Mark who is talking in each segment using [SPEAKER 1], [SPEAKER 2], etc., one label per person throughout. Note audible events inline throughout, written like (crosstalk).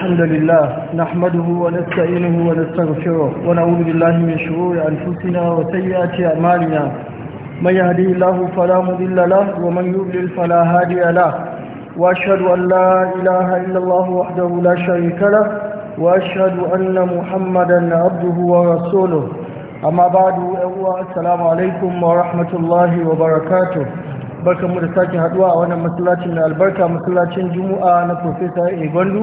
[SPEAKER 1] الحمد لله نحمده ونستعينه ونستغفره ونعوذ بالله من شرور أنفسنا وسيئات أعمالنا من يهدي الله فلا مضل له ومن يضلل فلا هادي له وأشهد أن لا إله إلا الله وحده لا شريك له وأشهد أن محمدا عبده ورسوله أما بعد السلام عليكم ورحمة الله وبركاته barkanmu da sake haduwa a wannan masallacin albarka masallacin juma'a na professor Egondu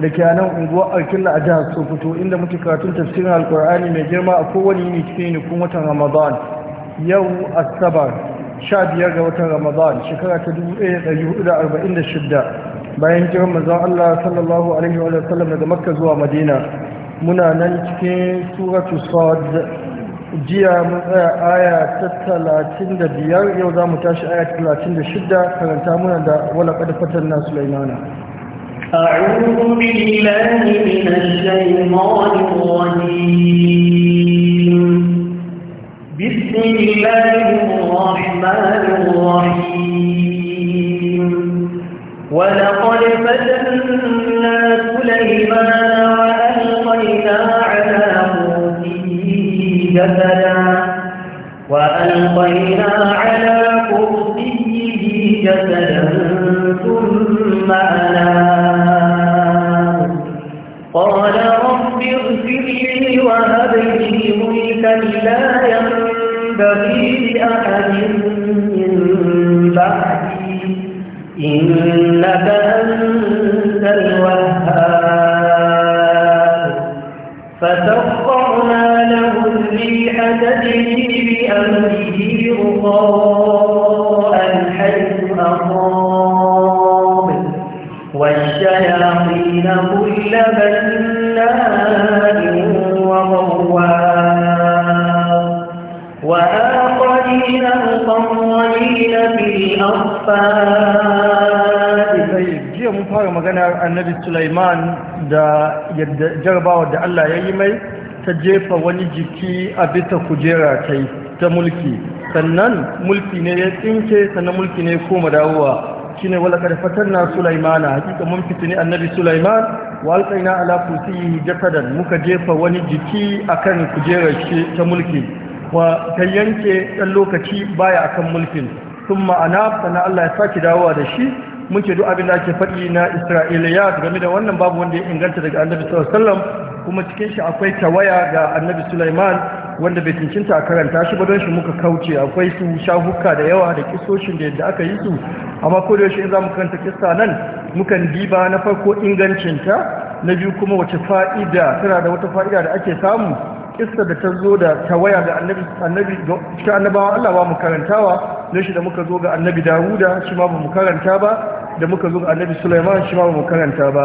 [SPEAKER 1] da ke nan unguwa alkilla a jihar sokoto inda muke karatun tafsirin alkur'ani mai girma a kowane yini cikin yinikun watan ramadan yau asabar sha biyar ga watan ramadan shekara ta dubu ɗaya da hudu da arba'in da shidda bayan jiran mazan allah sallallahu alaihi wa sallam daga makka zuwa madina muna nan cikin suratu sad jiya mun tsaya aya ta talatin da biyar yau za mu tashi aya ta talatin da shidda karanta muna da wala fatan na sulaimana
[SPEAKER 2] أعوذ بالله من الشيطان الرجيم بسم الله الرحمن الرحيم ولقد فتنا سليمان وألقينا على كرسيه جسدا وألقينا على كرسيه جسدا ثم أنام قال رب اغفر لي وهب لي ملكا لا ينبغي لأحد من بعدي إنك أنت الوهاب فسخرنا له الريح تجري بأمره رخاء
[SPEAKER 1] annabi Sulaiman da yadda jarabawar da Allah ya yi mai ta jefa wani jiki a bisa kujera ta ta mulki sannan mulki ne ya tsinke sannan mulki ne koma dawowa shine wala kad na sulaimana hakika mun fitini annabi sulaiman wa alqaina ala kursiyi jasadan muka jefa wani jiki akan kujerar shi ta mulki wa ta yanke ɗan lokaci baya akan mulkin sun ma'ana sana Allah ya saki dawowa da shi muke duk abin da ake faɗi na isra'iliya game da wannan babu wanda ya inganta daga annabi sallallahu kuma cikin shi akwai tawaya ga annabi sulaiman wanda bai cincinta a karanta shi ba don shi muka kauce akwai su shahuka da yawa da kisoshin da yadda aka yi su amma ko da yaushe in zamu karanta kissa nan mukan diba na farko ingancinta na biyu kuma wace fa'ida tana da wata fa'ida da ake samu kissa da ta zo da waya ga annabi annabi cikin annabawa Allah ba mu karantawa ne shi da muka zo ga annabi Dawuda shi ma ba mu karanta ba da muka zo ga annabi Sulaiman shi ma ba mu karanta ba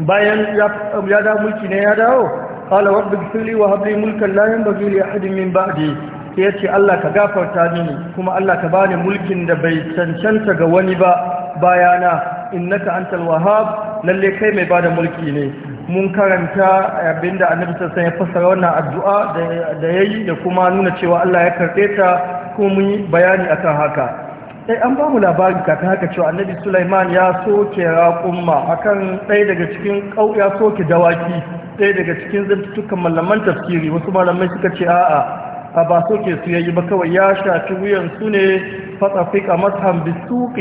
[SPEAKER 1] bayan ya da mulki ne ya dawo qala rabbi ighfirli wa habli mulkan la yanbaghi li ahadin min ba'di sai yace Allah ka gafarta mini kuma Allah ka bani mulkin da bai cancanta ga wani ba bayana innaka antal wahhab lalle kai mai bada mulki ne mun karanta abinda annabi sassan ya fassara wannan addu'a da ya yi da kuma nuna cewa Allah ya karɓe ta kuma mun yi bayani akan haka sai eh, an ba mu labari kafin haka cewa annabi Sulaiman ya soke raƙumma akan ɗaya daga cikin ƙau soke dawaki ɗaya daga cikin zantukan malaman tafsiri wasu malamai suka ce a'a a ba soke su yayi ba kawai ya shafi wuyan su ne masham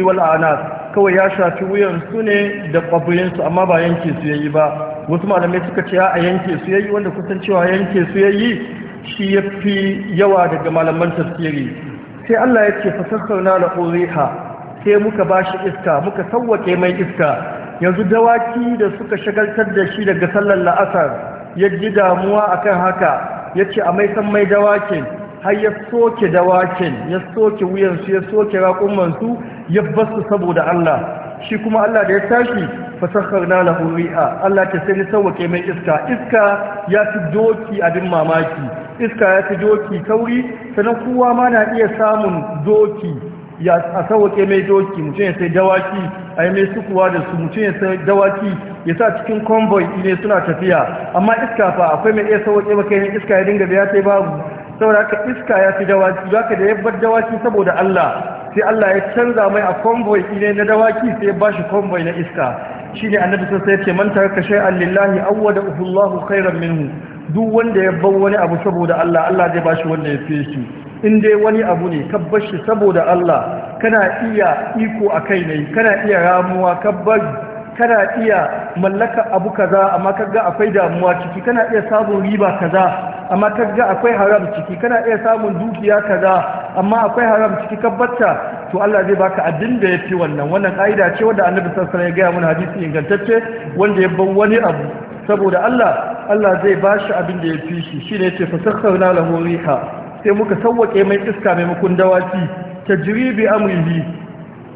[SPEAKER 1] wal anas kawai ya shafi wuyan ne da kwabirin amma ba yanke su yayi ba wasu malamai suka ce a yanke su yayi wanda kusan cewa yanke su yayi shi ya fi yawa daga malaman tafsiri sai Allah ya ce fasassauna na uriha sai muka bashi iska muka sawwake mai iska yanzu dawaki da suka shagaltar da shi daga sallar la'asar ya ji damuwa akan haka ya ce a mai san mai dawakin har ya soke dawakin ya soke wuyansu ya soke raƙumansu ya basu saboda Allah shi kuma Allah da ya tashi na lahu ri'a Allah ta sai sauke mai iska iska ya fi doki abin mamaki iska ya fi doki kauri sanan kowa ma na iya samun doki ya a sauke mai doki mutum ya sai dawaki a mai sukuwa da su mutum ya sai dawaki ya sa cikin convoy ne suna tafiya amma iska fa akwai mai iya sauke maka yin iska ya dinga biya sai babu saboda haka iska ya fi dawaki zaka da yabbar dawaki saboda Allah sai Allah ya canza mai a convoy ne na dawaki sai ya bashi convoy na iska shine annabi sai ya ce man taraka shay'an lillahi awwada Allahu khairan minhu duk wanda ya bar wani abu saboda Allah Allah zai bashi wanda ya fi shi in dai wani abu ne ka kabbar shi saboda Allah kana iya iko a kai ne kana iya ramuwa kabbar kana iya mallaka abu kaza amma kaga akwai damuwa ciki kana iya samun riba kaza amma kaga akwai haram ciki kana iya samun dukiya kaza amma akwai haram ciki kabbata to Allah zai baka abin da yafi wannan wannan kaida ce wanda Annabi sallallahu alaihi wasallam ya ga mana hadisi ingantacce wanda ya bar wani abu saboda Allah Allah zai bashi abin da yafi shi shine yace fasakhkhana lahu riha sai muka sawwake mai iska maimakon dawaki tajribi amrihi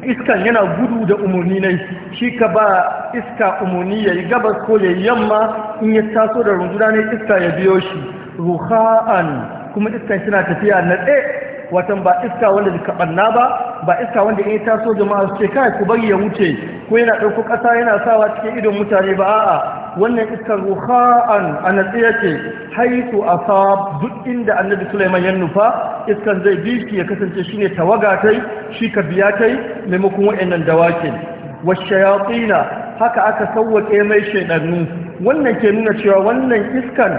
[SPEAKER 1] iskan yana gudu da umarni nai shi ka ba iska umarni ya yi gabas ko ya yi yamma in ya taso da runduna iska ya biyo shi ruha'an kuma iskan suna tafiya na tsaye watan ba iska wanda da kabanna ba ba iska wanda in taso jama'a su ce kai ku bari ya wuce ko yana ɗauko kasa yana sawa cikin idon mutane ba a'a wannan iskar ruha'an a natsi yake haitu asab duk inda annabi Suleiman ya nufa iskar zai bi shi ya kasance shine tawaga tai shi ka biya tai maimakon wayannan dawakin washayatina haka aka sauwake mai shedannu wannan ke nuna cewa wannan iskan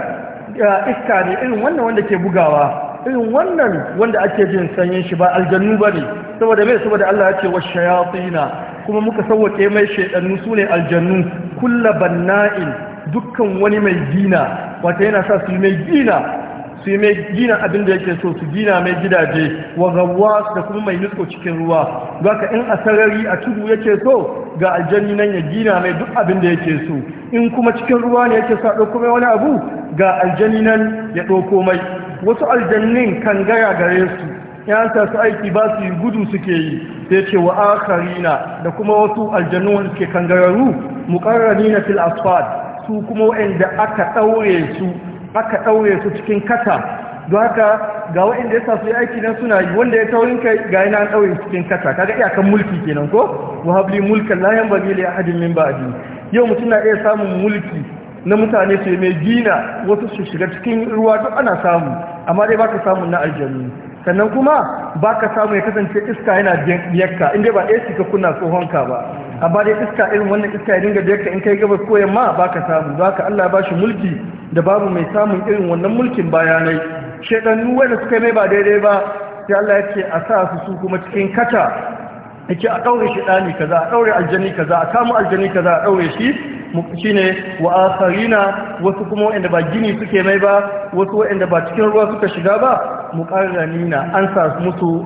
[SPEAKER 1] iska ne irin wannan wanda ke bugawa irin wannan wanda ake jin sanyin shi ba aljannu ba ne saboda mai saboda Allah ya ce wa shayatina kuma muka sauwake mai shaidannu su ne aljannu kulla banna'in dukkan wani mai gina wata yana sa su mai gina su mai gina abin da yake so su gina mai gidaje wa gawa da kuma mai nutso cikin ruwa gaka in a sarari a tudu yake so ga aljanni nan ya gina mai duk abin da yake so in kuma cikin ruwa ne yake sa a ɗauko mai wani abu ga aljanni nan ya ɗauko mai wasu aljannin kan gara gare su yan ta su aiki ba su yi gudu suke yi sai ce wa da kuma wasu aljannu wanda suke kan gararu na fil asfad su kuma wa'anda aka daure su aka daure su cikin kasa don haka ga wa'anda ya sa yi aiki nan suna yi wanda ya taurin kai ga yana an daure cikin kasa kaga iyakan mulki kenan ko wa habli mulkan la yanbaghi li ahadin min ba'di yau mutum na iya samun mulki na mutane su mai gina wasu su shiga cikin ruwa duk ana samu amma dai baka samu na aljanu sannan kuma baka samu ya kasance iska yana biyakka inda ba ɗaya suka kunna tsohonka ba amma dai iska irin wannan iska ya dinga biyakka in kai gabas ko yamma baka samu haka Allah ba shi mulki da babu mai samun irin wannan mulkin bayanai shaidannu wanda suka mai ba daidai ba sai Allah ya ce a sa su su kuma cikin kata yake a ɗaure shi ɗani kaza a ɗaure aljani kaza a kama aljani kaza a ɗaure shi ne wa akharina wasu kuma waɗanda ba gini suke mai ba wasu waɗanda ba cikin ruwa suka shiga ba muqarranina an sa musu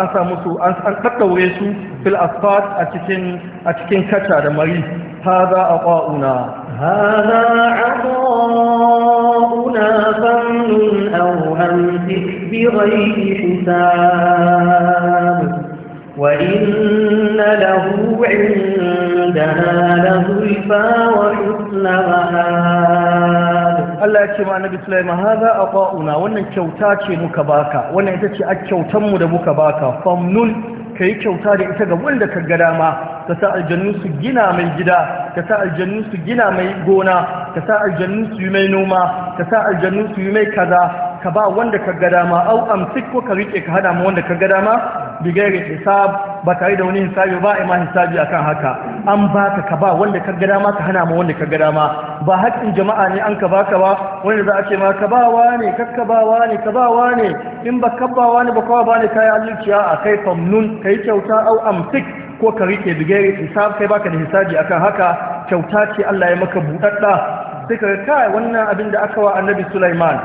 [SPEAKER 1] an sa musu an kaddaure su fil asfat a cikin a cikin kaca da mari hadha aqauna hadha
[SPEAKER 2] aqauna famnun aw amsik bi ghairi hisab وإن له عندنا لزلفى وحسن
[SPEAKER 1] مآب Allah ya ce ma Annabi Sulaiman haza aqauna wannan kyauta ce muka baka wannan ita ce a kyautan mu da muka baka famnun kai kyauta da ita ga wanda ka ga dama ka sa aljannu su gina mai gida ka sa aljannu su gina mai gona ka sa aljannu su yi mai noma ka sa aljannu su yi mai kaza ka ba wanda ka gada ma au amsik ko ka rike ka hada ma wanda ka ma bi gairi hisab ba tare da wani hisabi ba imani hisabi akan haka an baka ka ba wanda ka gada ma ka hana ma wanda ka gada ma ba haƙƙin jama'a ne an ka baka ba wanda za a ce ma ka ba wani kakka ba wani ka ba wani in ba ka ba wani ba kawai ba ne kai aliciya a kai famnun kai kyauta au amsik ko ka rike gairi hisab kai baka da hisabi akan haka kyauta ce Allah ya maka buɗaɗɗa sai ka kai wannan abin da aka wa Annabi Sulaiman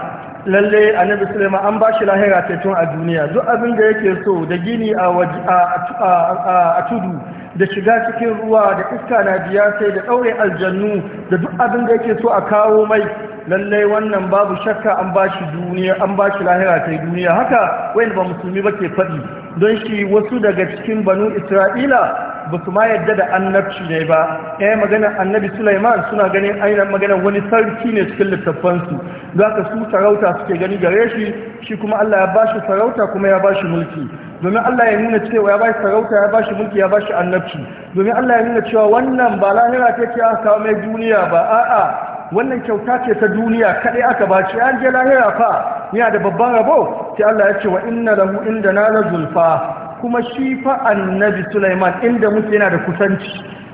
[SPEAKER 1] lalle annabi Sulaiman an ba shi lahira ce a duniya duk abin da yake so da gini a tudu da shiga cikin ruwa da iska na biya sai da ɗaure aljannu da duk abin da yake so a kawo mai lalle wannan babu shakka an ba shi duniya an ba shi lahira ta duniya haka wani ba musulmi ba ke faɗi don shi wasu daga cikin banu isra'ila ba su ma yadda da annabci ne ba eh magana annabi Sulaiman suna ganin ainihin magana wani sarki ne cikin littattafansu za ka su sarauta suke gani gare shi shi kuma Allah ya ba shi sarauta kuma ya ba shi mulki domin Allah ya nuna cewa ya ba shi sarauta ya ba shi mulki ya ba shi annabci domin Allah ya nuna cewa wannan ba lahira ce ce aka kawo mai duniya ba a'a wannan kyauta ce ta duniya kaɗai aka ba ce an je lahira fa yana da babban rabo sai Allah ya ce wa inna lahu inda na zulfa kuma shi fa annabi Sulaiman inda muke yana da kusanci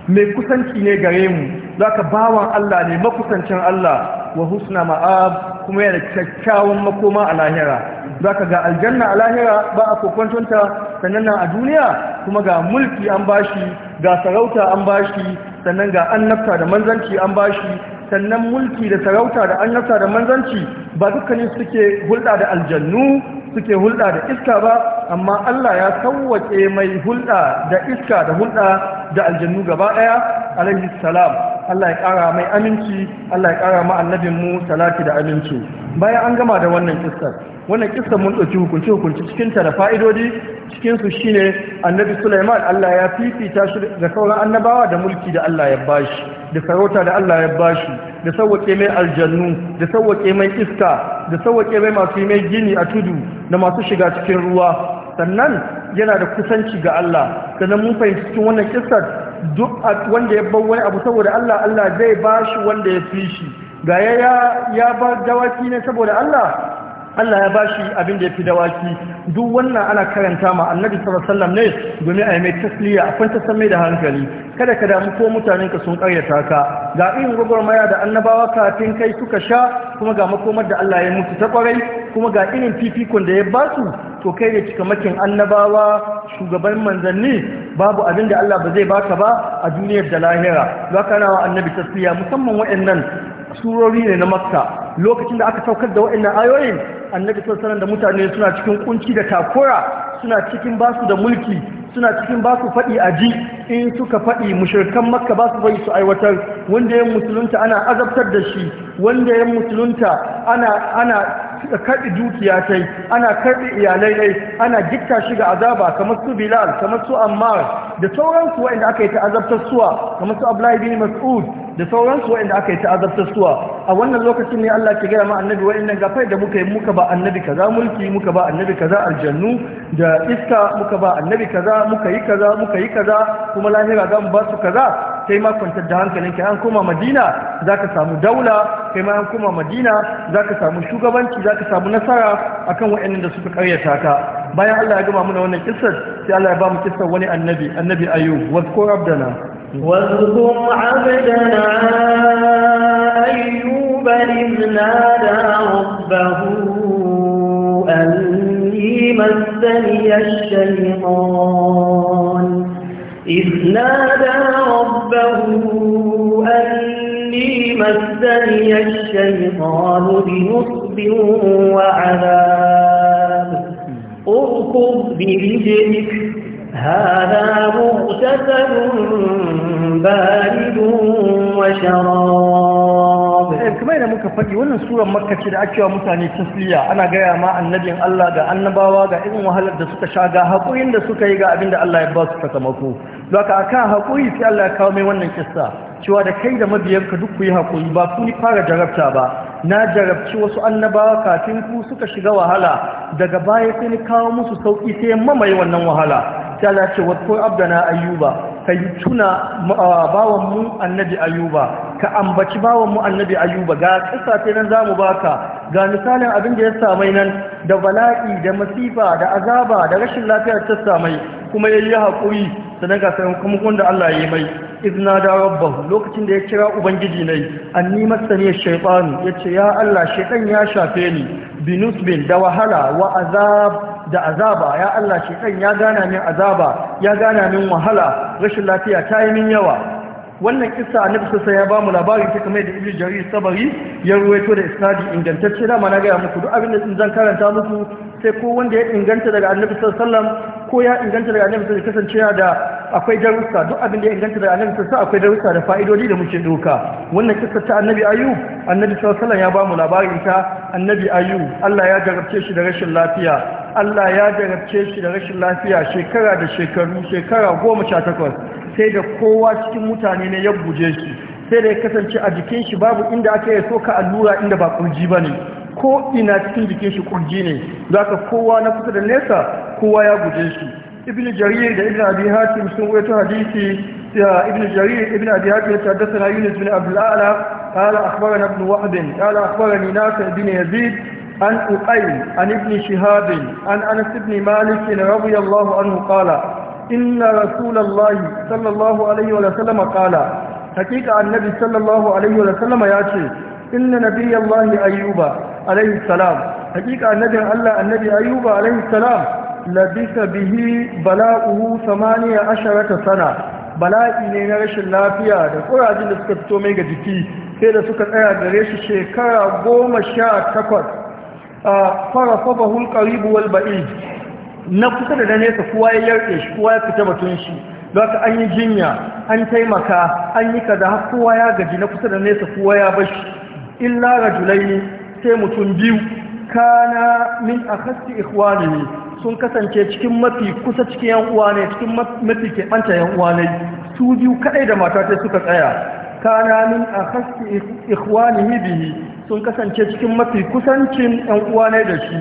[SPEAKER 1] mai kusanci ne gare mu zaka bawan Allah ne makusancin Allah wa husna ma'ab kuma yana kyakkyawan makoma a lahira zaka ga aljanna a lahira ba a kokwantunta sannan nan a duniya kuma ga mulki an bashi ga sarauta an bashi sannan ga annabta da manzanci an bashi sannan mulki da sarauta da annabta da manzanci ba dukkanin suke hulɗa da aljannu suke hulɗa da iska ba amma Allah ya sauwake mai hulɗa da iska da hulɗa da aljannu gaba ɗaya alaihi salam Allah ya ƙara mai aminci Allah ya ƙara ma annabin mu salati da aminci bayan an gama da wannan kissar wannan kissar mun ɗauki hukunci hukunci cikin ta da fa'idodi cikin su shine annabi Sulaiman Allah ya fifita shi da sauran annabawa da mulki da Allah ya bashi da sarauta da Allah ya bashi da sauwake mai aljannu da sauwake mai iska da sauwake mai masu mai gini a tudu da masu shiga cikin ruwa sannan yana da kusanci ga Allah sannan mun fahimci cikin wannan kisar duk wanda ya bar wani abu saboda Allah Allah zai ba shi wanda ya fi shi ga ya ya ba dawaki ne saboda Allah Allah ya bashi abin da ya fi dawaki duk wannan ana karanta ma annabi sallallahu alaihi ne domin a yi mai tasliya a kwanta san da hankali kada ka damu ko mutanen ka sun karyata ka ga irin gwagwarmaya da annabawa kafin kai suka sha kuma ga makomar da Allah ya mutu ta kwarai kuma ga irin fifikon da ya basu to kai da makin annabawa shugaban manzanni babu abin da Allah ba zai baka ba a duniyar da lahira za ka nawa annabi tasliya musamman waɗannan surori ne na makka lokacin da aka saukar da waɗannan ayoyin annabi sallallahu da mutane suna cikin kunci da takura suna cikin basu da mulki suna cikin basu faɗi a ji in suka faɗi mushirkan makka ba su bai su aiwatar wanda yin musulunta ana azabtar da shi wanda ya musulunta ana ana karɓi dukiya tai ana karɓi iyalai dai ana gitta shi ga azaba kamar su bilal kamar su ammar da sauransu waɗanda aka yi ta azabtar suwa kamar su abdullahi bin mas'ud da sauransu wa'inda aka yi azabtar suwa a wannan lokacin ne Allah ke gaya ma annabi wa'innan gafai da muka yi muka ba annabi kaza mulki muka ba annabi kaza aljannu da iska muka ba annabi kaza muka yi kaza muka yi kaza kuma lahira za mu ba su kaza kai ma kwantar da hankalin kai an koma madina za ka samu daula kai ma an koma madina za ka samu shugabanci za ka samu nasara akan wa'innan da suka karyata ka bayan Allah ya gama mana wannan kissar sai Allah ya ba mu kissar wani annabi annabi ayyub wa qurabdana واذكر عبدنا
[SPEAKER 2] أيوب إذ نادى ربه أني مسني الشيطان إذ نادى ربه أني مسني الشيطان بنصب وعذاب اركض برجلك هذا مغتسل بارد وشراب
[SPEAKER 1] kamar da muka faɗi wannan suran makka da ake wa mutane tasliya ana gaya ma annabin Allah ga annabawa ga irin wahalar da suka sha ga haƙurin da suka yi ga abin da Allah ya ba su sakamako don ka kan haƙuri sai Allah ya kawo mai wannan kissa cewa da kai da mabiyanka duk ku yi haƙuri ba ku fara jarabta ba na jarabci wasu annabawa kafin ku suka shiga wahala daga baya sai ni kawo musu sauki sai mamaye wannan wahala ta ce wa abdana ayyuba kai tuna ah, bawan mu annabi ayyuba ka ambaci bawan mu annabi ayuba ga kissa ce nan zamu baka ga misalin abin da ya samai nan da bala'i da masifa da azaba da rashin lafiya ta samai kuma yayi hakuri sanan ga sai kuma da Allah yayi mai izna da rabbah lokacin da ya kira ubangiji nai anni masani shaytan yace ya Allah shaytan ya shafe ni binusbin da wahala wa azab da azaba ya Allah shaytan ya gana min azaba ya gana min wahala rashin lafiya ta yi min yawa wannan kisa annabi sai ya bamu labari ta kamar da ibnu jari sabari ya ruwaito da isnadi ingantacce da mana gaya muku duk abin da zan karanta muku sai ko wanda ya inganta daga annabi sallam, ko ya inganta daga annabi da kasance da akwai darussa duk abin da ya inganta daga annabi sa akwai darussa da fa'idodi da muke doka wannan kisa ta annabi ayu, annabi sallallahu ya bamu labarin ta annabi ayu. Allah ya jarabce shi da rashin lafiya Allah ya jarabce shi da rashin lafiya shekara da shekaru shekara goma sha takwas sai da kowa cikin mutane ne ya buje shi sai da ya kasance a jikin shi babu inda aka yi soka allura inda ba kurji ba ne ko ina cikin jikin shi kurji ne za ka kowa na kusa da nesa kowa ya buje shi ibn jarir da ibn abi hatim sun wato hadisi ya ibn jarir ibn abi hatim ya tabbata na yunus bin abdul ala qala akhbarana ibn wahb qala akhbarani nafi ibn yazid an uqay an ibn shihab an anas ibn malik Yallahu anhu qala inna rasulallahi sallallahu alaihi wa sallama kala hakika annabi sallallahu alaihi wa sallama ya ce inna nabiyallahi ayyuba alaihi salam hakika annabi Allah annabi ayyuba alaihi salam labisa bihi bala'uhu 18 sana bala'i ne na rashin lafiya da kurajin da suka fito mai ga jiki sai da suka tsaya gare shi shekara goma sha takwas a farafa bahun karibu wal na kusa da na nesa kowa ya yarke shi kowa ya fita batun shi don an yi jinya an taimaka an yi kaza da, kowa ya gaji na kusa da nesa kowa ya bashi illa ne, sai mutum biyu kana min akhassi ne, sun kasance cikin mafi kusa cikin yan uwa ne cikin mafi keɓanta yan uwa ne su biyu kaɗai da mata ta suka tsaya kana min akhassi ne bihi sun kasance cikin mafi kusancin yan uwa ne da shi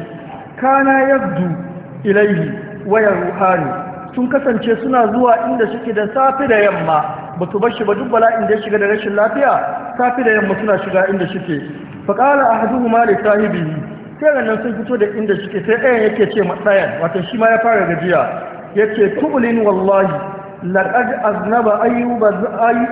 [SPEAKER 1] kana yabdu ilaihi waya ruhani sun kasance suna zuwa inda suke da safi da yamma ba su bashi ba duk bala'in da ya shiga da rashin lafiya safi da yamma suna shiga inda suke faƙala ahaduhuma li sahibihi sai ranar sun fito da inda suke sai ɗayan yake ce ma wata shi ma ya fara gajiya yake tubulin wallahi لقد ayyubu أيوب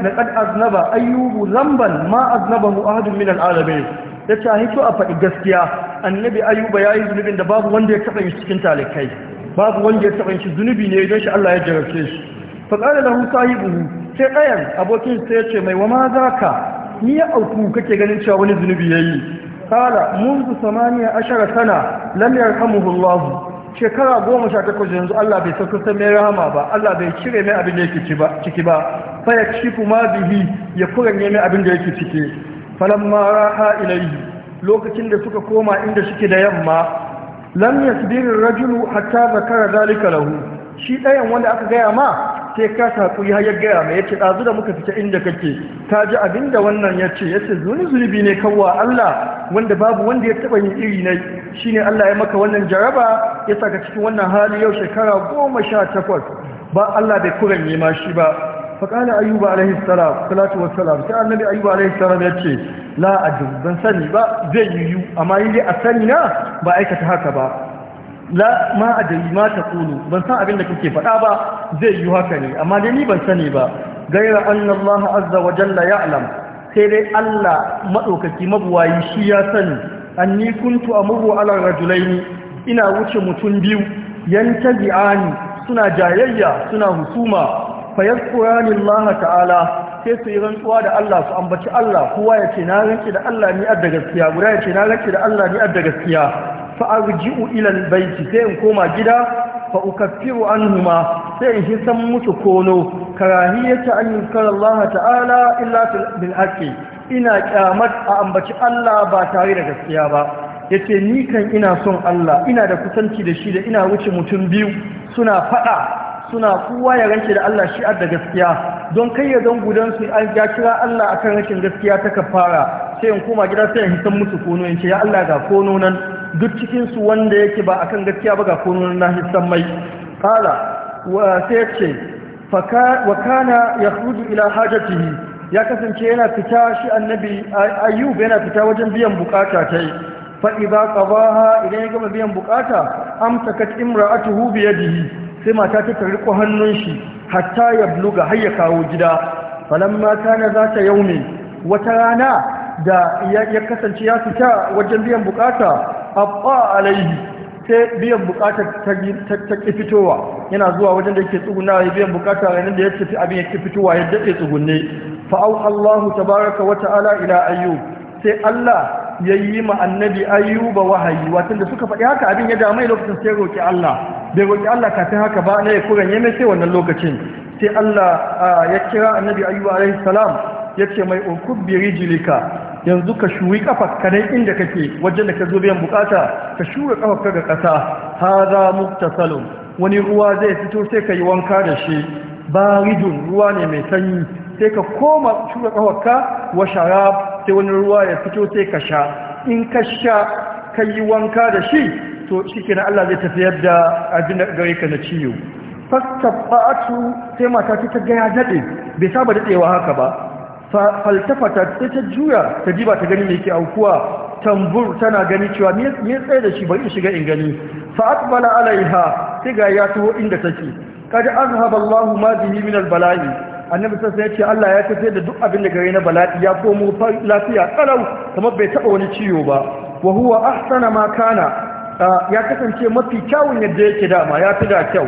[SPEAKER 1] لقد أذنب أيوب ذنبا ما أذنبه أحد من العالمين ya ce a hito a faɗi gaskiya annabi ayuba ya yi zunubin da babu wanda ya taɓa yi cikin talikai babu wanda ya taɓa yi zunubi ne don shi Allah ya jarabce shi faƙari da husa yi buhu sai ɗayan abokin sai ya ce mai wa ma za ka ni ya auku kake ganin cewa wani zunubi ya yi kala munzu samaniya ashara sana lam Allah shekara goma sha takwas yanzu Allah bai sauka san mai rahama ba Allah bai cire mai abin da yake ciki ba fa ya kifu ma bihi ya kuranye mai abin da yake ciki falamma raha ilayhi lokacin da suka koma inda suke da yamma lam yasbir rajulu hatta zakara zalika lahu shi ɗayan wanda aka gaya ma sai ka har ya gaya ma yace ɗazu da muka fita inda kake ka ji abinda wannan yace yace zuni zunubi ne kawwa Allah wanda babu wanda ya taɓa yin iri ne shine Allah ya maka wannan jaraba ya saka cikin wannan hali yau shekara goma sha takwas ba Allah bai kuranye ma shi ba فقال أيوب عليه السلام صلاة والسلام سأل النبي أيوب عليه السلام يتشي لا ba بن سني با زي يو أما يلي أسنينا با أيكة هكذا la ma adari ma ta ban san abin da kuke faɗa ba zai yiwu haka ne amma dai ni ban sani ba gaira annallaha azza wa jalla ya'lam sai dai Allah maɗaukaki mabuwayi shi ya sani ni kuntu amuru ala rajulaini ina wuce mutum biyu yan tabi'ani suna jayayya suna husuma fayaskurani Allah ta'ala sai su yi rantsuwa da Allah su ambaci Allah kowa ya ce na ranki da Allah ni adda gaskiya guda yace na ranki da Allah ni adda gaskiya fa arji'u ila albayti sai in koma gida fa ukaffiru anhuma sai in hisan musu kono karahiyata an yunkara Allah ta'ala illa bil haqqi ina kyamat a ambaci Allah ba tare da gaskiya ba yace ni kan ina son Allah ina da kusanci da shi da ina wuce mutum biyu suna fada suna kowa ya rance da Allah shi da gaskiya don kai ya zan gudan su an ya kira Allah akan rashin gaskiya ta kafara sai in koma gida sai in hisan musu kono in ya Allah ga kono nan duk cikin su wanda yake ba akan gaskiya ba ga kono nan na hisan mai kala wa sai ce wa kana yakhruju ila hajatihi ya kasance yana fita shi annabi ayyub yana fita wajen biyan bukata ta yi fa idza qadaha idan ya gama biyan bukata amsakat imra'atuhu bi yadihi sai mata ta tarriko hannun shi hatta ya bluga har ya kawo gida falamma kana za ta yaumi wata rana da ya kasance ya fita wajen biyan bukata abba alaihi sai biyan bukata ta ki fitowa yana zuwa wajen da yake tsuguna ya biyan bukata ranar da ya tafi abin ya fitowa ya daɗe tsugunne fa'au Allahu tabaraka wa ta'ala ila ayyub sai Allah ya yi ma annabi ayyuba wahayi watan da suka faɗi haka abin ya damai lokacin sai roƙi Allah bai roƙi Allah kafin haka ba na ya kuran ya mai wannan lokacin sai Allah ya kira annabi ayyuba alaihi salam ya ce mai ukub bi rijlika yanzu ka shuri kafa kanai inda kake wajen da ka zo biyan bukata ka shura kafa ka ga kasa hadha muktasalun wani ruwa zai fito sai ka yi wanka da shi baridun ruwa ne mai sanyi sai ka koma shura kawaka ka wa sharab sai wani ruwa ya fito sai ka sha in ka sha ka yi wanka da shi to shi kenan Allah zai tafiyar da abin da gare ka na ciwo fastabatu sai mata ta gaya ya dade bai saba dadewa haka ba faltafata sai ta juya ta diba ta gani me yake aukuwa tambur tana gani cewa me tsaye da shi bari in shiga in gani fa aqbala alaiha sai ga ya taho inda take kada azhaballahu ma bihi min albala'i annabi sassa ya ce Allah ya tafiyar da duk abin da gare na bala'i ya komo lafiya kalau kuma bai taɓa wani ciwo ba wa huwa ahsana ma kana ya kasance mafi kyawun yadda yake dama ya fi da kyau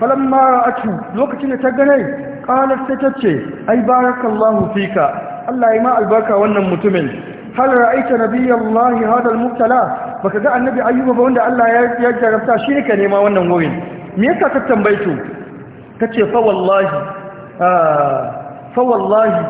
[SPEAKER 1] falamma ra'atu lokacin da ta ganai qalat sai ta ce ai barakallahu fika Allah ya ma albarka wannan mutumin hal ra'aita nabiyallahi hada Murtala. baka ga annabi ayyuba ba wanda Allah ya jarabta shi ne ka nema wannan wurin me yasa ka tambaye ta ce fa wallahi fawallahi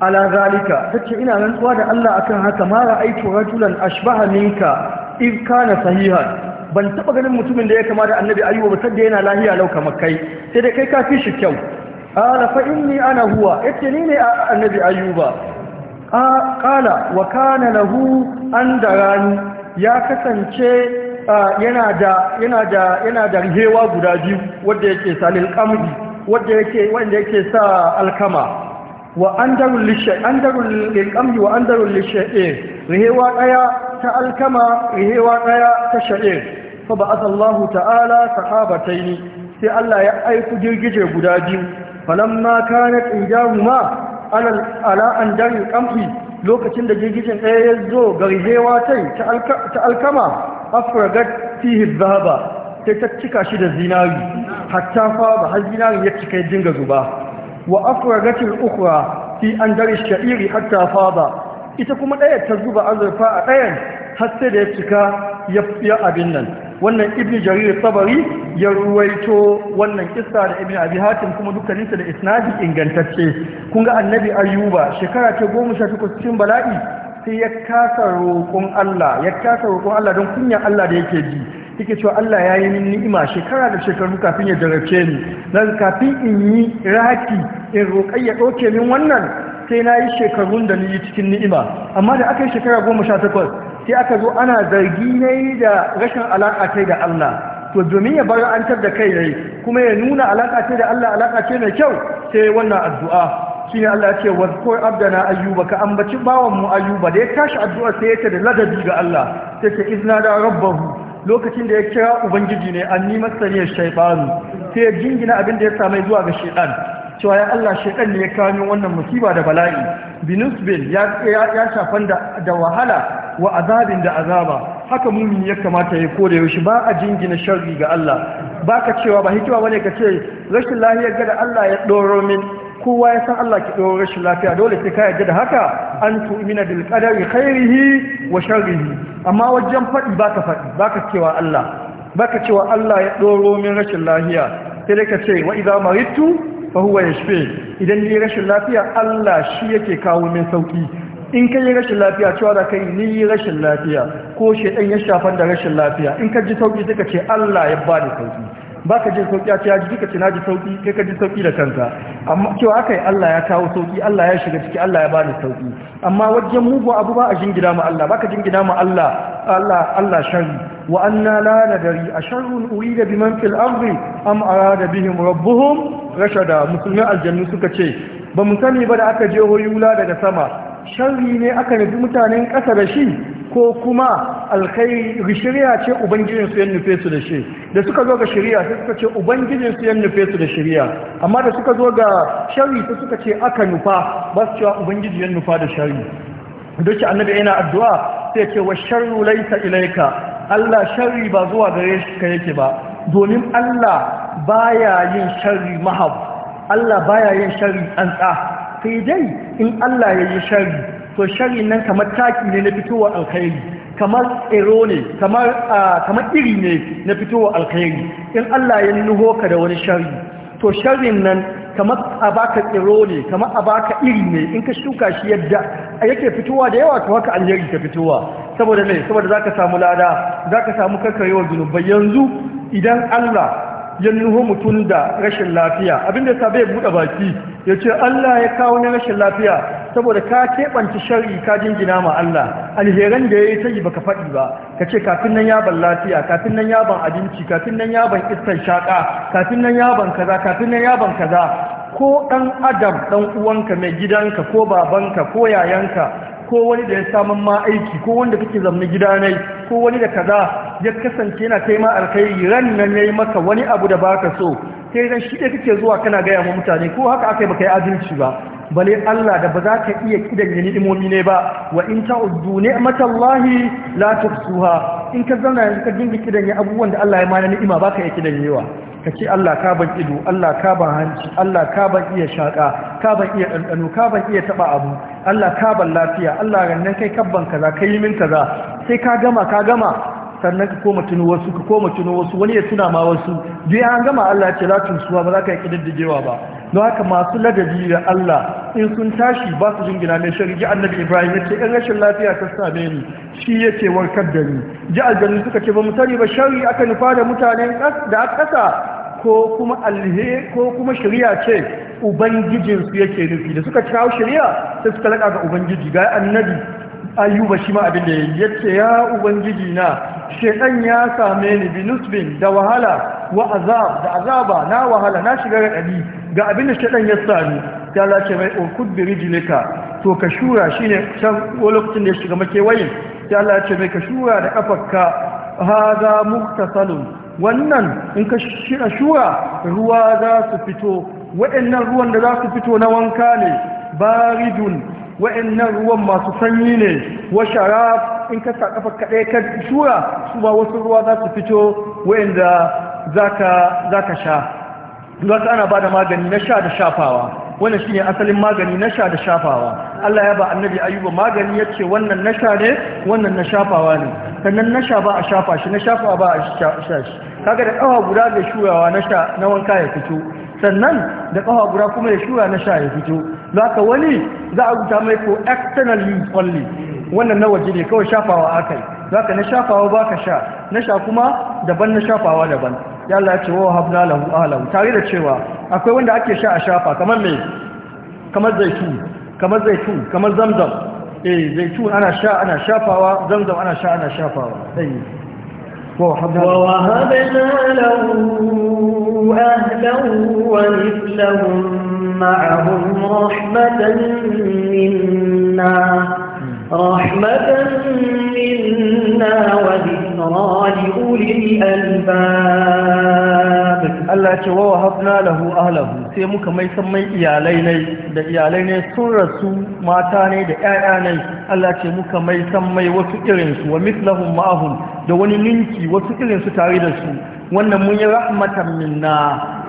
[SPEAKER 1] ala zalika tace ina rantsuwa da Allah akan haka ma ra'aitu rajulan ashbaha minka in kana sahihan ban taba ganin mutumin da ya kama da annabi ayyuba ba sadda yana lahiya lau kamar kai sai da kai ka fi shi kyau qala fa inni ana huwa yace ni ne annabi ayyuba qala wa kana lahu an ya kasance yana da yana da yana da rihewa guda biyu wanda yake salil qamdi wanda yake wanda yake sa alkama wa andarul lishay andarul liqamli wa andarul lishay daya ta alkama rihewa daya ta sha'ir fa ba'atha ta'ala sahabataini sai Allah ya aiku girgije guda biyu falamma kanat ijahuma ala ala andarul qamli lokacin da girgijen daya ya zo ga rihewa tai ta alkama afragat fihi dhahaba sai ta cika shi da zinari hatta fara har zinari ya cika ya dinga zuba wa afragatil ukhra fi andari sha'iri hatta fara ita kuma ɗaya ta zuba azurfa a ɗayan har sai da ya cika ya abin nan wannan ibn jarir tabari ya ruwaito wannan kissa da ibn abi hatim kuma dukkaninsa da isnadi ingantacce kun ga annabi ayyuba shekara ta 18 cikin bala'i sai ya kasa roƙon Allah ya kasa roƙon Allah don kunya Allah da yake ji yake cewa Allah ya yi min ni'ima shekara da shekaru kafin ya jarabce ni dan kafin in yi raki in roƙai ya ɗauke min wannan sai na yi shekarun da ni yi cikin ni'ima amma da aka yi shekara goma sha takwas sai aka zo ana zargi yi da rashin alaƙa kai da Allah to domin ya bar an da kai ne kuma ya nuna alaƙa ce da Allah alaƙa ce mai kyau sai wannan addu'a shine Allah ya ce ko abdana ayyuba ka ambaci bawan mu ayyuba da ya tashi addu'a sai ya ce da ladabi ga Allah sai ce izna da rabbahu lokacin da ya kira ubangiji ne an yi nima saniyar shaifanu sai ya jingina abin da ya sami zuwa ga shaidan cewa ya Allah shaiɗan ne ya kawo wannan musiba da bala'i binusbin ya ya shafan da da wahala wa azabin da azaba haka mumin ya kamata ya kore yaushe ba a jingina sharri ga Allah baka cewa ba hikima bane ka ce rashin lafiya ga da Allah ya doro min kowa ya san Allah ki ɗora rashin lafiya dole sai ka yarda da haka an mina bil qadari khairihi wa sharrihi amma wajen faɗi baka faɗi baka cewa Allah baka cewa Allah ya ɗoro min rashin lafiya sai dai ka ce wa idza maritu fa huwa yashfi idan ni rashin lafiya Allah shi yake kawo min sauki in ka yi rashin lafiya cewa da kai ni yi rashin lafiya ko shedan ya shafar da rashin lafiya in ka ji sauki sai ce Allah ya bani sauki ba ka jin sauki a ce ya ji duka na ji sauki kai ka ji sauki da kanka amma cewa aka yi Allah ya kawo sauki Allah ya shiga ciki Allah ya ba da sauki amma wajen mugu abu ba a jingina mu Allah ba ka jingina mu Allah Allah Allah sharri wa anna la nadari a sharrun urida biman fil ardi am arada bihim rabbuhum rashada musulmin aljannu suka ce ba mu sani ba da aka je hoyula daga sama sharri ne aka nufi mutanen ƙasa da shi ko kuma alkhairi shari'a ce ubangijin su yan nufe su da shi da suka zo ga shari'a sai suka ce ubangijin su yan nufe su da shari'a amma da suka zo ga sharri sai suka ce aka nufa ba su cewa ubangiji yan nufa da sharri duk annabi yana addu'a sai ce wa sharru laysa ilayka Allah sharri ba zuwa gare shi ka yake ba domin Allah baya yin sharri mahab Allah baya yin shari tsantsa sai dai in Allah ya yi shari to shari nan kamar taki ne na fitowa alkhairi kamar tsero ne kamar iri ne na fitowa alkhairi in Allah ya nuho ka da wani shari to shari nan kamar a baka tsero ne kamar a baka iri ne in ka shuka shi yadda yake fitowa da yawa to haka alheri ka fitowa saboda me saboda zaka samu lada zaka samu karkarewar zunubai yanzu idan Allah ya nuhu mutum da rashin lafiya abinda yasa bai buɗe baki yace Allah ya kawo na rashin lafiya saboda ka keɓanci shari'i ka jingina ma Allah alheran da ya yi ta yi baka faɗi ba ka ce kafin nan yaban lafiya kafin nan yaban abinci kafin nan yaban iskar shaƙa kafin nan yaban kaza kafin nan yaban kaza ko ɗan adam ɗan uwanka mai gidanka ko babanka ko yayanka ko wani da ya samun ma aiki ko wanda kake zamni gidanai ko wani da kaza ya kasance yana kai ma alkhairi ran nan yayi maka wani abu da baka so kai dan shi da kake zuwa kana gaya ma mutane ko haka akai baka yi adalci ba bale Allah da ba za ka iya kidanye ni'imomi ne ba wa in ta'uddu ni'matallahi la tuhsuha in ka zanna yanzu ka dinga ya abubuwan da Allah ya mana ni'ima baka kidan yawa ka ce Allah ka ban ido Allah ka ban hanci Allah ka ban iya shaka ka ban iya ɗanɗano ka ban iya taɓa abu Allah ka ban lafiya Allah rannan kai kabban kaza kai min kaza sai ka gama ka gama sannan ka koma tuno wasu ka koma tuno wasu wani ya tuna ma wasu duk an gama Allah ya ce la suwa ba za ka yi kididdigewa ba don haka masu ladabi da Allah in sun tashi ba su jingina mai shari annabi Ibrahim ya ce in rashin lafiya ta same ni shi ya ce warkar da ni ji aljanu suka ce ba mu sani ba shari aka nufa da mutane da ƙasa ko kuma ko kuma shari'a ce ubangijinsu yake nufi da suka kawo shari'a sai suka laƙa ga ubangiji ga annabi ayyuba shi ma abin da ya yace ya ubangiji na shedan ya same ni bi nusbin da wahala wa azab da azaba na wahala na shiga ɗari. ga abin da shedan ya sami ya lace mai ukud bi rijlika to ka shura shine can lokacin da ya shiga makewayin ya Allah ya mai ka shura da kafarka haza muktasalun wannan in ka shira shura ruwa za su fito waɗannan ruwan da za su fito na wanka ne baridun waɗannan ruwan masu sanyi ne wa sharaf in ka sa kafa kaɗai ka shura su ba wasu ruwa za su fito waɗanda za ka sha ka ana ba da magani na sha da shafawa wannan shine asalin magani na sha da shafawa Allah ya ba annabi ayuba magani ya ce wannan na sha ne wannan na shafawa ne sannan na sha ba a shafa shi na shafawa ba a sha shi kaga da kawa guda da shuyawa na sha na wanka ya fito sannan da kawo guda kuma ya shura na sha ya fito za ka wani za a guta mai ko external use only wannan na waje ne kawai shafawa aka yi za ka na shafawa ba ka sha na sha kuma daban na shafawa daban ya Allah ya ce wa habna lahu alahu tare da cewa akwai wanda ake sha a shafa kamar mai kamar zaitun kamar zaitun kamar zamzam eh zaitun ana sha ana shafawa zamzam ana sha ana shafawa eh ووهبنا ووهبنا
[SPEAKER 2] له أهلا ومثلهم معهم رحمة منا رحمة منا وذكرى لأولي
[SPEAKER 1] الألباب Allah ce wa wahabna lahu ahlahu sai muka mai san mai iyalai ne da iyalai ne sun rasu mata ne da ƴaƴa ne Allah ce muka mai san mai wasu irin su wa mithlahum ma'ahum da wani ninki wasu irin su tare da su wannan mun yi rahmatan minna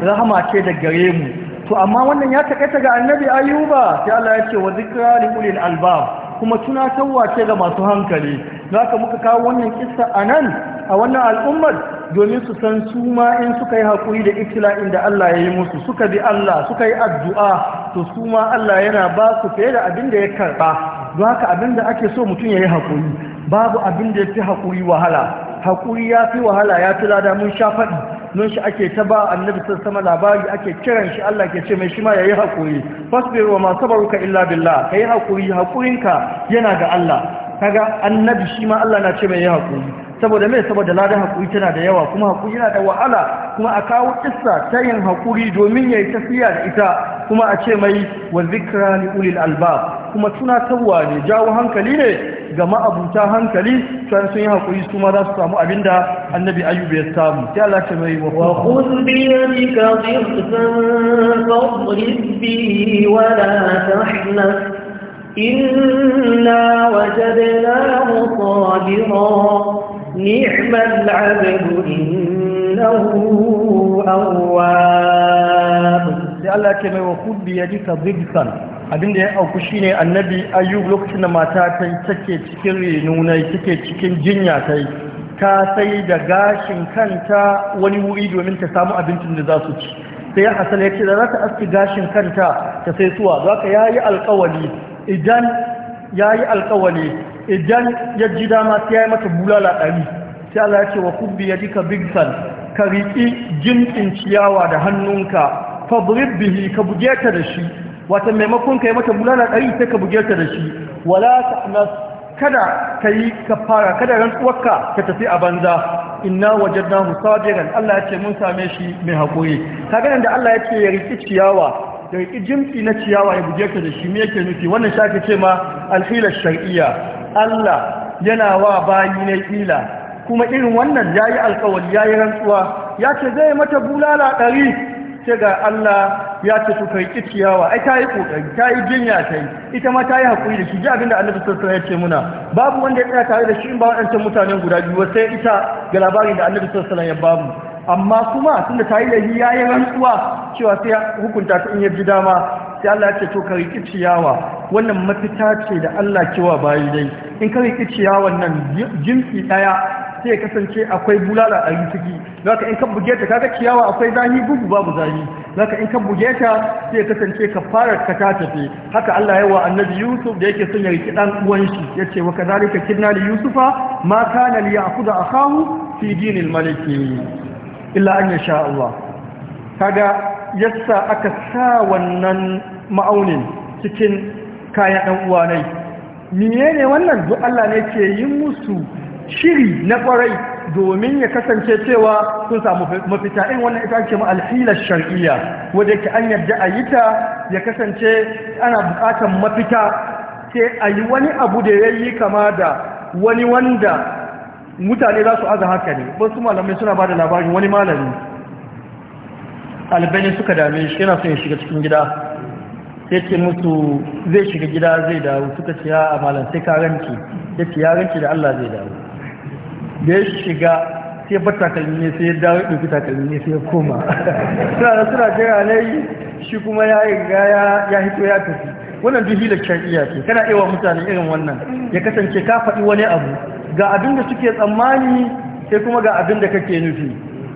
[SPEAKER 1] rahama ce da gare mu to amma wannan ya takaita ga annabi ayuba sai Allah ya ce wa zikra li ulil albab kuma tunatarwa ce ga masu hankali zaka muka kawo wannan kissa anan a wannan al'ummar domin su san su ma in suka yi haƙuri da ikila inda Allah ya yi musu suka bi Allah suka yi addu'a to su ma Allah yana ba su fiye da abin da ya karɓa don haka abin da ake so mutum ya yi haƙuri babu abin da ya fi haƙuri wahala haƙuri ya fi wahala ya fi lada mun sha faɗi nun shi ake ta ba annabi sun sama labari ake kiran shi Allah ke ce mai shi ma ya yi hakuri fasbir wa masu baruka illa billah yi hakuri hakurinka yana ga Allah kaga annabi shi ma Allah na ce mai yi hakuri saboda mai saboda ladan haƙuri tana da yawa kuma haƙuri yana da wahala kuma a kawo kissa ta yin haƙuri domin ya yi tafiya da ita kuma a ce mai wa zikra li ulil albab kuma tunatarwa ne jawo hankali ne ga ma'abuta hankali sai sun yi haƙuri su ma za su samu abin da annabi ayyubu ya samu sai Allah ce mai wa khudh
[SPEAKER 2] bi yadika qirsan fadrib bihi wa la tahnas إنا وجدناه صابرا نعم العبد
[SPEAKER 1] إنه أواب sai Allah ke mai wa kubbi ya jika zigzan abinda ya auku shine annabi ayyub lokacin da mata ta take cikin renunai take cikin jinya ta ta sai da gashin kanta wani wuri domin ta samu abincin da za su ci sai ya hasala ya ce da za ta aski gashin kanta ta sai suwa za ka yayi alkawali idan ya yi alkawali idan ya ji dama sai ya yi mata bulala ɗari sai Allah ya ce wa kubbi ya jika bigsan ka riƙi jimkin ciyawa da hannunka fabrib bihi ka buge ta da shi wata maimakon ka yi mata bulala ɗari sai ka buge da shi wala na kada ka yi ka fara kada rantsuwarka ka tafi a banza inna wajen wajadnahu jiran Allah ya ce mun same shi mai haƙuri kaga nan da Allah ya ce ya riƙi ciyawa da jimfi na ciyawa ya buge ka da shi me yake nufi wannan shaka ce ma alhila shar'iyya Allah yana wa bayi ne ila kuma irin wannan yayi ya yayi rantsuwa ya ce zai mata bulala ɗari ce ga Allah ya ce su kai ciyawa ai ta yi ƙoƙari ta yi jinya ta ita ma ta yi haƙuri da shi ji abinda annabi sassan ya ce muna babu wanda ya tsaya tare da shi in ba waɗancan mutanen guda biyu sai ita ga labarin da annabi sassan ya babu amma kuma tunda tayi tayi lahi ya yi rantsuwa cewa sai hukunta ta in ya ji dama sai Allah ya ce to ka riƙe ciyawa wannan mafita ce da Allah wa bayi dai in ka riƙe ciyawan nan jinsi daya sai kasance akwai bulala a yi zaka in ka buge ta kaga ciyawa akwai zahi bugu babu zahi zaka in ka buge ta sai kasance ka fara ka ta tafi haka Allah yawa annabi Yusuf da yake son ya riki dan uwan shi yace wa kadhalika kidna li yusufa ma kana li ya'khudha akahu fi dinil maliki illa an yasha Allah kaga yassa aka sa wannan ma'aunin cikin kayan ɗan uwanai menene wannan duk Allah ne ke yi musu shiri na kwarai domin ya kasance cewa sun samu mafita in wannan ita ce alhilar shar'iyya wadda ke an yarda a yi ta ya kasance ana buƙatar mafita sai a yi wani abu da ya yi kama da wani wanda mutane za su aza haka ne wasu malamai suna ba da labarin wani malami albani suka dame shi yana son ya shiga cikin gida ya ce musu zai shiga gida zai dawo suka ce a malam sai ka ranci ya ce ya ranci da Allah zai dawo da ya shiga sai bata takalmi ne sai ya dawo ya ɗauki takalmi ne sai ya koma suna da suna jira ne shi kuma ya yi gaya ya hito ya tafi wannan duk hilar shari'a ce kana iya wa mutane irin wannan ya kasance ka faɗi wani abu ga abin da suke tsammani sai kuma ga abin da kake nufi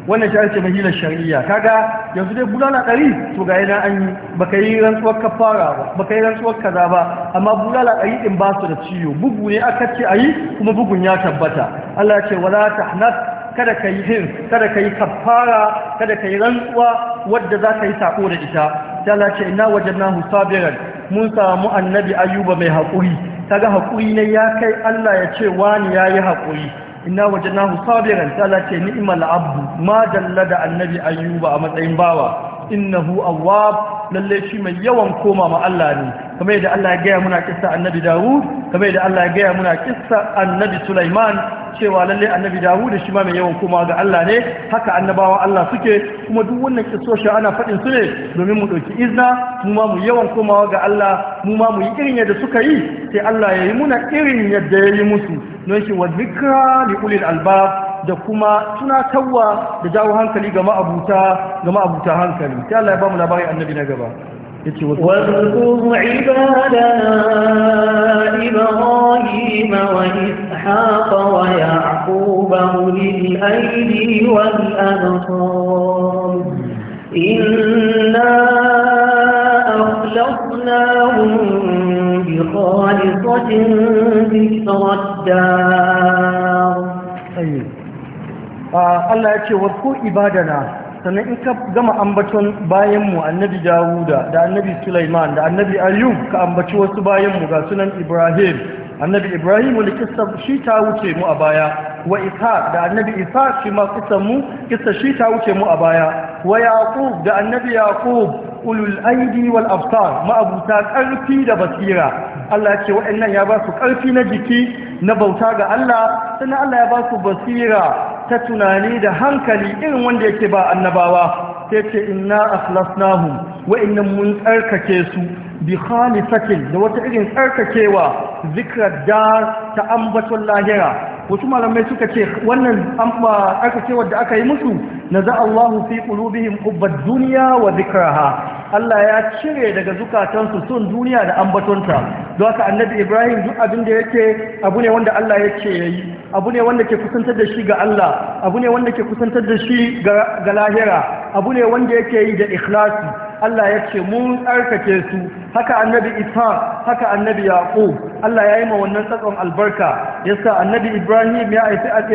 [SPEAKER 1] wannan shi ake mahila shari'a kaga yanzu dai bulala ɗari to ga yana an yi baka yi rantsuwar fara ba baka yi rantsuwar kaza ba amma bulala ɗari ɗin ba su da ciwo bugu ne aka ce a yi kuma bugun ya tabbata Allah ce wala tahnat kada ka yi hin kada ka yi kafara kada ka yi rantsuwa wadda za ka yi sako da ita Allah lace ina wajen wajadnahu sabiran mun samu annabi ayuba mai haƙuri ta ga haƙuri ne ya kai Allah ya ce wani yi haƙuri Ina na husa sabiran ta Allah ce ni'mal abdu ma dalla da annabi ayuba a matsayin bawa innahu awwab lalle shi mai yawan koma ma Allah ne kamar yadda Allah ya gaya muna kissa annabi Dawud kamar yadda Allah ya gaya muna kissa annabi Sulaiman cewa lalle annabi Dawud shi ma mai yawan koma ga Allah ne haka annabawa Allah suke kuma duk wannan kissoshi ana faɗin su ne domin mu ɗauki izna mu ma mu yawan komawa ga Allah mu ma mu yi irin yadda suka yi sai Allah ya yi muna irin yadda ya yi musu don shi wa zikra li ulil albab da kuma tunatarwa da jawo hankali ga ma'abuta ga ma'abuta hankali sai Allah ya ba mu labarin annabi na gaba yace wa qul
[SPEAKER 2] ibada ibrahim wa ishaq wa yaqub ulil aydi wal anqam inna akhlaqnahum bi khalisati
[SPEAKER 1] ذكر الدار Allah ya ce wasu ibadana sannan in ka gama ambaton bayanmu annabi dawuda da annabi sulaiman da annabi ayyub ka ambaci wasu bayanmu ga sunan ibrahim annabi ibrahim wani kisa shi ta wuce mu a baya wa isa da annabi isa shi ma kusan mu kisa shi ta wuce mu a baya wa yaqub da annabi yaqub ulul aidi wal absar ma'abuta karfi da basira Allah ya ce waɗannan ya ba su karfi na jiki na bauta ga Allah sannan Allah ya ba su basira ta tunani da hankali irin wanda yake ba annabawa sai ce inna akhlasnahum wa inna mun tsarkake su bi khalisatin da wata irin tsarkakewa zikra dar ta ambaton lahira wasu malamai suka ce wannan an ba aka ce wadda aka yi musu na za Allahu fi qulubihim ubbar duniya wa zikraha Allah ya cire daga zukatansu sun duniya da ambatonta don haka annabi Ibrahim duk abin da yake abu ne wanda Allah ya ce yayi abu ne wanda ke kusantar da shi ga Allah abu ne wanda ke kusantar da shi ga lahira abu ne wanda yake yi da ikhlasi Allah ya ce mun tsarkake su haka annabi Isa haka annabi Yaqub Allah ya yi ma wannan tsakon albarka yasa annabi Ibrahim ibrahim ya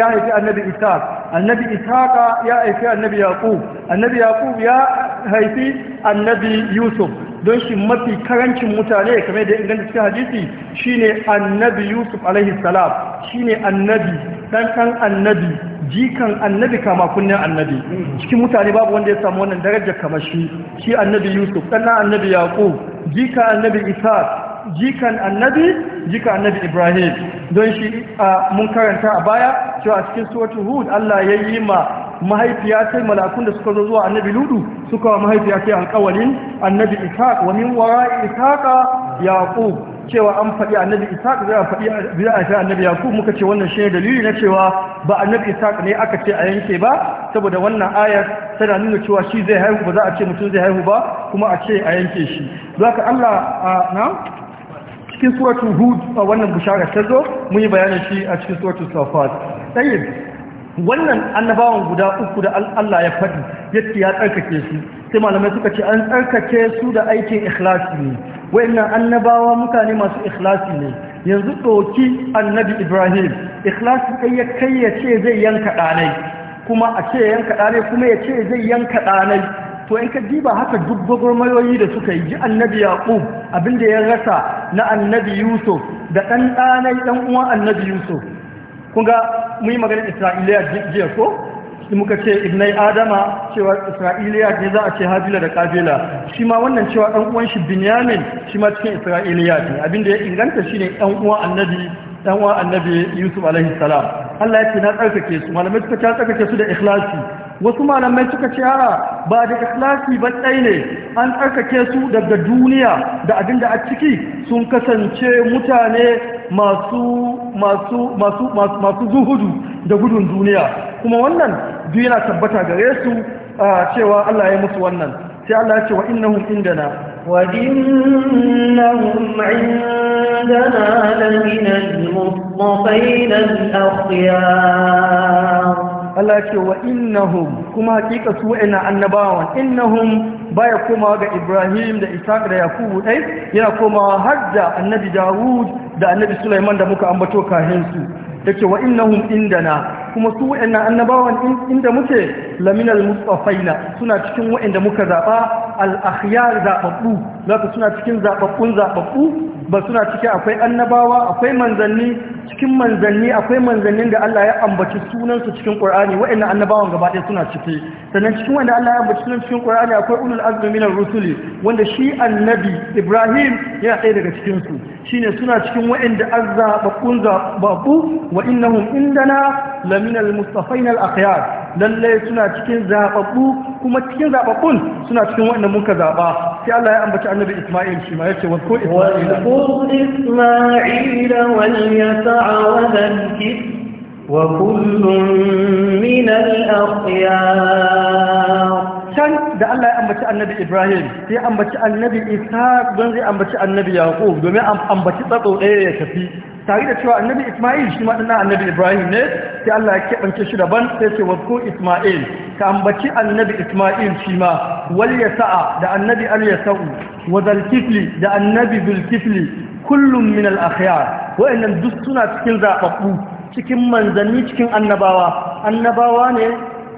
[SPEAKER 1] haifi annabi ishaq annabi ishaq ya haifi annabi yaqub annabi yaqub ya haifi annabi yusuf don shi mafi karancin mutane kamar da inganta cikin hadisi shine annabi yusuf alaihi salam shine annabi dan kan annabi jikan annabi kama kunnen annabi cikin mutane babu wanda ya samu wannan darajar kamar shi shi annabi yusuf dan annabi yaqub jika annabi isa jikan annabi jika annabi ibrahim don shi mun karanta a baya cewa a cikin suwatu hud Allah ya yi ma mahaifiya sai malakun da suka zo zuwa annabi ludu suka wa mahaifiya sai alkawalin annabi ishaq wa min wara'i ishaqa yaqub cewa an faɗi annabi ishaq zai faɗi zai a annabi yaqub muka ce wannan shine dalili na cewa ba annabi ishaq ne aka ce a yanke ba saboda wannan ayar tana nuna cewa shi zai haihu ba za a ce mutum zai haihu ba kuma a ce a yanke shi zaka Allah na cikin suratun hud a wannan bishara ta zo mun yi bayanin shi a cikin suratun safat sai wannan annabawan guda uku da Allah ya faɗi yace ya tsarkake su sai malamai suka ce an tsarkake su da aikin ikhlasi ne wayannan annabawa mutane masu ikhlasi ne yanzu doki annabi Ibrahim ikhlasi kai ya kai ya ce zai yanka ɗanai kuma a ce yanka ɗanai kuma ya ce zai yanka ɗanai to in ka diba haka duk gwagwarmayoyi da suka yi ji annabi yaqub abinda ya rasa na annabi yusuf da ɗan ɗanai ɗan uwan annabi yusuf kun ga mu yi maganar isra'iliya jiya ko muka ce ibnai adama cewa isra'iliya ne za a ce habila da kabila shi ma wannan cewa ɗan uwan shi binyamin shi ma cikin isra'iliya ne abinda ya inganta shine ɗan uwan annabi ɗan uwan annabi yusuf alaihi salam Allah ya ce na tsarkake su malamai suka ta tsarkake su da ikhlasi wasu malamai suka ce a ba da ikhlasi ba tsaye ne an tsarkake su daga duniya da abin da a ciki sun kasance mutane masu masu zuhudu da gudun duniya kuma wannan duk yana tabbata gare su cewa Allah ya musu wannan sai Allah ya ce wa innahum indana wa
[SPEAKER 2] innahum indana lamina
[SPEAKER 1] al-mustafina al-akhyar Allah ce wa innahum kuma hakika su wa'ina annabawan innahum baya komawa ga Ibrahim da Isaac da Yakubu dai yana komawa har da annabi Dawud da annabi Sulaiman da muka ambato kahin su yake wa innahum indana kuma su wa'ina annabawan inda muke laminal mustafaina suna cikin wa'inda muka zaba al'ahiyar zaɓaɓɓu za ka suna cikin zaɓaɓɓun zaɓaɓɓu ba suna ciki akwai annabawa akwai manzanni cikin manzanni akwai manzannin da Allah ya ambaci sunansu cikin Qur'ani wa'annan annabawan gaba ɗaya suna ciki sannan cikin wanda Allah ya ambaci sunan cikin Qur'ani akwai ulul azmi minar rusuli wanda shi annabi Ibrahim yana ɗaya daga cikin su shine suna cikin wa'anda azza babun zababu wa innahum indana laminal al akhyar lallai suna cikin zababbu kuma cikin zababbun suna cikin wanda muka zaɓa sai Allah ya ambaci annabi Isma'il shi ma yace wasu Isma'il
[SPEAKER 2] wal yata'a wa dhalkit
[SPEAKER 1] wa kullun min al-akhyar can da Allah ya ambaci annabi Ibrahim sai ambaci annabi Isa don zai ambaci annabi Yaqub domin ambaci tsatso ɗaya ya tafi tare da cewa annabi Ismail shi ma dinnan annabi Ibrahim ne sai Allah ya keɓance shi daban sai ce wasu Ismail ka ambaci annabi Ismail shi ma wal yasa'a da annabi al yasa'u wa Kifli da annabi Bilkifli, kullum min al akhyar wa'annan duk suna cikin zababbu cikin manzanni cikin annabawa annabawa ne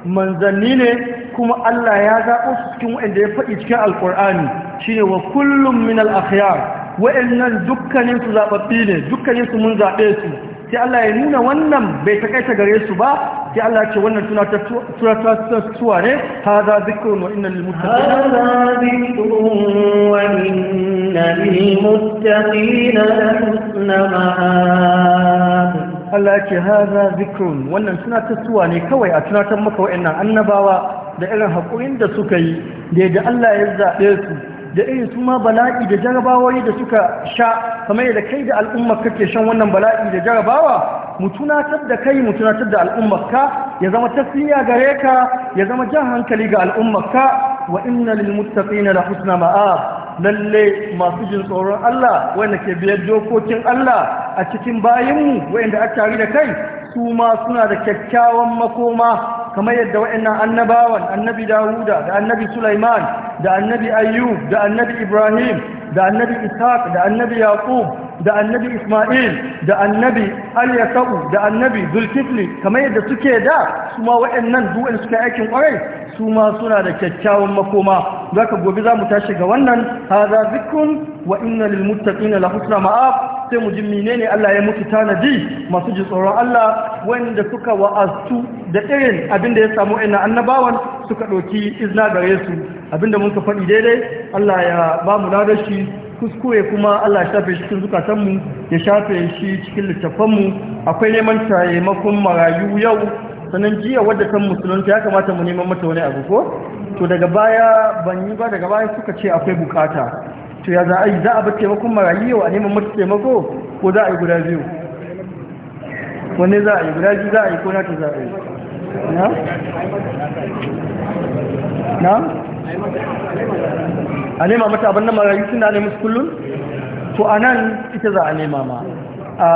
[SPEAKER 1] manzanni ne kuma Allah ya zaɓo su cikin wanda ya faɗi cikin alƙur'ani shine wa kullum min al akhyar wa'annan dukkanin su zababbi ne dukkanin su mun zabe su sai Allah ya nuna wannan bai takaita gare su ba sai Allah ya ce wannan suna ta ta tuwa ne hada zikrun wa innal muttaqina
[SPEAKER 2] hada zikrun wa innal
[SPEAKER 1] muttaqin
[SPEAKER 2] husna
[SPEAKER 1] ma'ab Allah ya ce hada zikrun wannan suna tasuwa ne kawai a tunatar maka wa'annan annabawa da irin hakurin da suka yi da yadda Allah ya zabe su da irin su ma bala'i da jarabawoyi da suka sha kamar yadda kai da al'ummar kake shan wannan bala'i da jarabawa mu tunatar da kai mu tunatar da al'ummar ka ya zama tasliya gare ka ya zama jan hankali ga al'ummar ka wa inna lil muttaqina la husna lalle masu jin tsoron Allah wanda ke biyar dokokin Allah a cikin bayinmu wanda aka da kai su ma suna da kyakkyawan makoma kamar yadda wa'annan annabawan annabi dawuda da annabi sulaiman da annabi ayyub da annabi ibrahim da annabi ishaq da annabi yaqub da annabi isma'il da annabi al da annabi zulkifli kamar yadda suke da su ma wa'annan duwan suka aikin kwarai su ma suna da kyakkyawan makoma zaka gobe za mu tashi ga wannan hadha zikrun wa inna lil muttaqina la husna ma'ab sai mu ji menene Allah ya mutu tanadi masu ji tsoron Allah wanda suka wa'astu da irin abinda ya samu ina annabawan suka ɗauki izna gare su abinda mun ka faɗi daidai Allah ya ba mu ladar shi kuskure kuma Allah ya shafe shi cikin zukatanmu ya shafe shi cikin mu akwai neman taimakon marayu yau sannan jiya wadda kan musulunci ya kamata mu neman mata wani abu ko to daga baya ban yi ba daga baya suka ce akwai bukata to ya za a yi za a bi taimakon marayu yau a neman mutu taimako ko za a yi guda biyu wanne za a yi guda biyu za a yi ko nata za a yi na? na? a nema mata abin da marayu suna ne musu kullum? to a nan ita za a nema ma a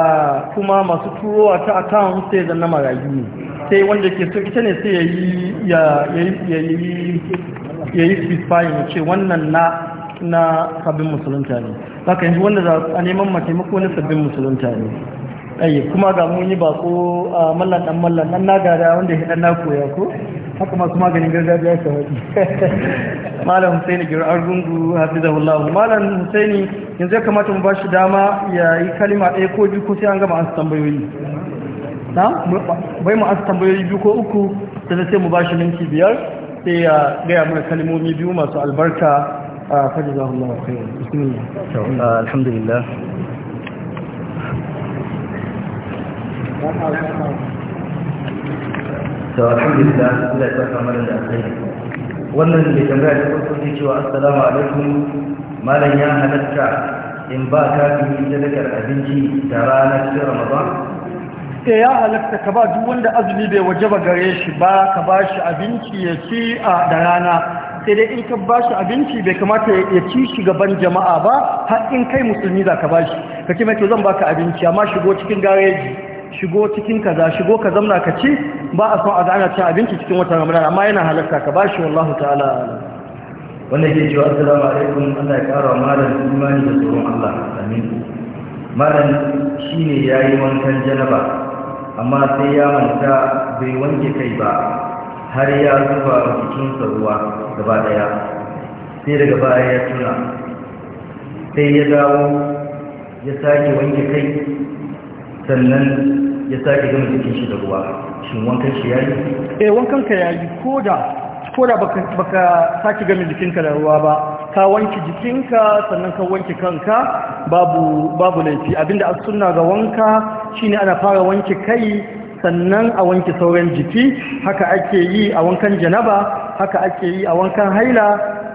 [SPEAKER 1] kuma masu turowa ta kan sai zan na marayu ne sai wanda ke so ita ne sai ya yi ya yi yi ce wannan na na sabbin musulunta ne ka yanzu wanda za a neman mataimako na sabbin musulunta ne ayi kuma ga mun yi bako a mallan dan mallan dan nagara wanda ya dan na koya ko haka masu maganin gargajiya ya shawaki (laughs) malam husaini gir argungu hafizahullah malam husaini yanzu ya kamata mu bashi dama ya yi kalima ɗaya ko biyu ko sai an gama an tambayoyi na bai mu an tambayoyi biyu ko uku sai sai mu bashi minti biyar sai ya gaya mana kalmomi biyu masu albarka فجزاه الله خيرا بسم الله الحمد لله
[SPEAKER 3] wannan da tambaya ta farko ce cewa assalamu alaikum malam ya halatta in ba ka fi sadakar abinci da ranar cikin ramadan
[SPEAKER 1] eh ya halatta ka ba duk wanda azumi bai wajaba gare shi ba ka ba shi abinci ya ci a da rana sai dai in ka ba shi abinci bai kamata ya ci shi gaban jama'a ba har in kai musulmi za ka bashi ka ce mai to zan baka abinci amma shigo cikin gareji shigo cikin kaza shigo ka zamna ka ci ba a son a ga ana cin abinci cikin watan ramadan amma yana halarta ka ba bashi wallahu ta'ala
[SPEAKER 3] wannan ke cewa assalamu alaikum Allah ya kara malam imani da tsoron Allah amin malam shine yayi wankan janaba amma sai ya manta bai wanke kai ba har ya zuba jikinsa ruwa gaba daya sai daga baya ya tuna sai ya dawo ya sake wanke kai sannan ya sake gama jikin shi da ruwa shin wankan shi yayi
[SPEAKER 1] eh wankan ka yayi koda koda baka baka sake gama jikinka da ruwa ba ka wanke jikinka sannan ka wanke kanka babu babu laifi abinda as sunna ga wanka shine ana fara wanke kai sannan a wanke sauran jiki haka ake yi a wankan janaba haka ake yi a wankan haila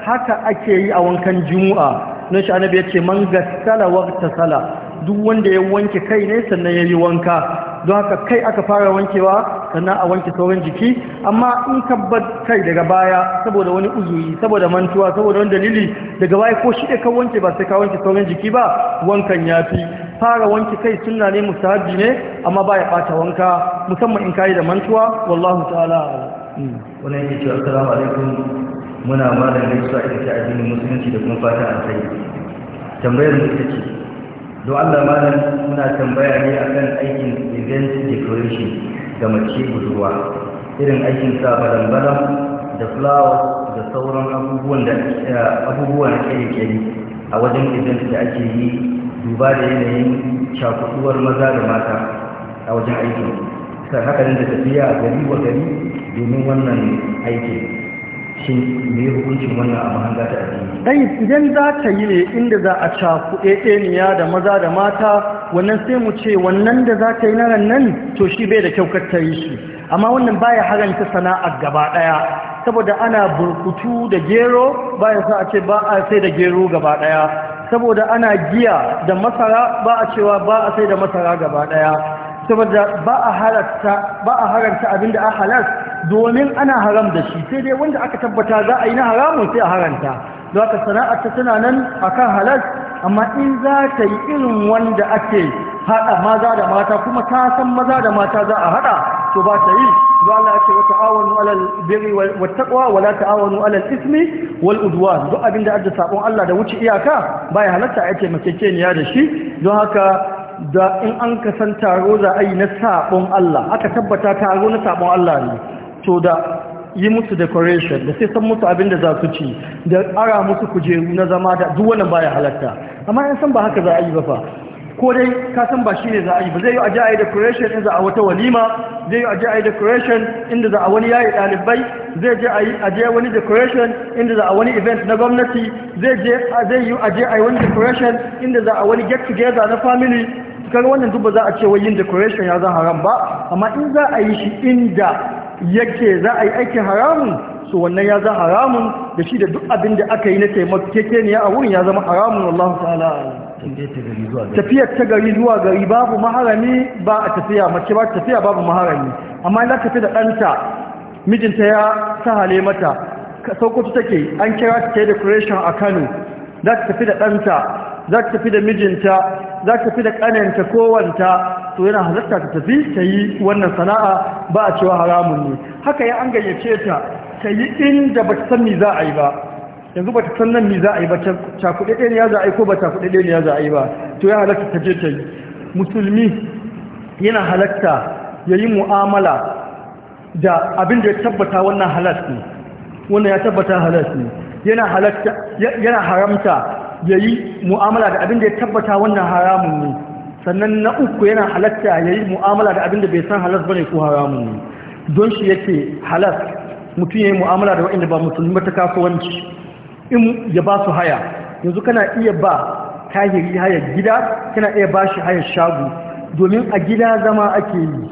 [SPEAKER 1] haka ake yi a wankan jumu'a na shi annabi ya ce man gassala wa sala duk wanda ya wanke kai ne sannan ya yi wanka don haka kai aka fara wankewa sannan a wanke sauran jiki amma in bar kai daga baya saboda wani uzuri saboda mantuwa saboda wani dalili daga baya ko shi ka wanke ba sai ka wanke sauran jiki ba wankan ya fi fara wanke kai suna ne mustahabi ne amma ba ya bata wanka musamman in kai da mantuwa wallahu ta'ala hmm. wannan yake cewa assalamu
[SPEAKER 3] alaikum muna malam gaisuwa ita ce addinin musulunci da kuma fata a sai tambayar mu ita ce don Allah malam muna tambaya ne akan aikin event decoration ga mace budurwa irin aikin sa balambalam da flower da sauran abubuwan da eh, abubuwa na a wajen event da ake yi duba da yanayin shakuduwar maza da mata a wajen aikin sai haka da tafiya a gari wa gari domin wannan aikin shin ne hukuncin wannan abu hanga ta addini
[SPEAKER 1] dai idan za ta yi ne inda za a cakuɗe ɗeniya da maza da mata wannan sai mu ce wannan da za ta yi na nan to shi bai da kyau kar ta yi shi amma wannan baya haranta sana'ar gaba ɗaya saboda ana burkutu da gero baya sa a ce ba a sai da gero gaba ɗaya saboda ana giya da masara ba a cewa ba a sai da masara gaba daya saboda ba a halatta ba a haranta abinda a halas domin ana haram da shi sai dai wanda aka tabbata za a yi na haramun sai a haranta don haka sana'ar ta tana nan akan halas amma in za ta yi irin wanda ake haɗa maza da mata kuma ta san maza da mata za a haɗa to ba ta yi zuwa Allah ce wata ta'awanu alal birri wa taqwa wa ta'awanu alal ismi wal udwan duk abin da adda sabon Allah da wuce iyaka bai halatta a keniya da shi don haka da in an kasan taro za a yi na sabon Allah aka tabbata taro na sabon Allah ne to da yi musu decoration da sai san musu abin da za su ci da ara musu kujeru na zama da duk wannan baya halatta amma yan san ba haka za a yi ba fa ko dai ka san ba shine za a yi ba zai yi aje a yi decoration in za a wata walima zai yi aje a yi decoration inda za a wani yayi dalibai zai je aje wani decoration inda za a wani event na gwamnati zai je zai yi aje a yi wani decoration inda za a wani get together na family kaga wannan duk ba za a ce wai yin decoration ya zan haram ba amma in za a yi shi inda yake za a yi aikin haramun so wannan ya za haramun da shi da duk abin da aka yi na ne a wurin ya zama haramun wallahu ta'ala tafiyar ta gari zuwa gari babu maharami ba a tafiya mace ba tafiya babu maharami amma ina tafi da ɗanta mijinta ya sahale mata saukoto take an kira ta ta decoration a kano za ta tafi da ɗanta za ta tafi da mijinta za ta tafi da ƙananta kowanta to yana halarta ta tafi ta yi wannan sana'a ba a cewa haramun ne haka ya an gayyace ta ta yi inda ba ta san mi za a yi ba yanzu ba ta san nan mi za a yi ba ta ɗaya ne ya za a yi ko ba ta ɗaya ne ya za a yi ba to ya halatta ta je ta yi musulmi yana halatta ya yi mu'amala da abin da ya tabbata wannan halas ne wannan ya tabbata halas ne yana halatta yana haramta ya yi mu'amala da abin da ya tabbata wannan haramun ne sannan na uku yana halatta ya yi mu'amala da abin da bai san halas bane ko haramun ne don shi yake halas mutum ya yi mu'amala da waɗanda ba musulmi ta kasuwanci in ya ba su haya yanzu kana iya ba tahiri haya gida kana iya ba shi haya shago domin a gida zama ake yi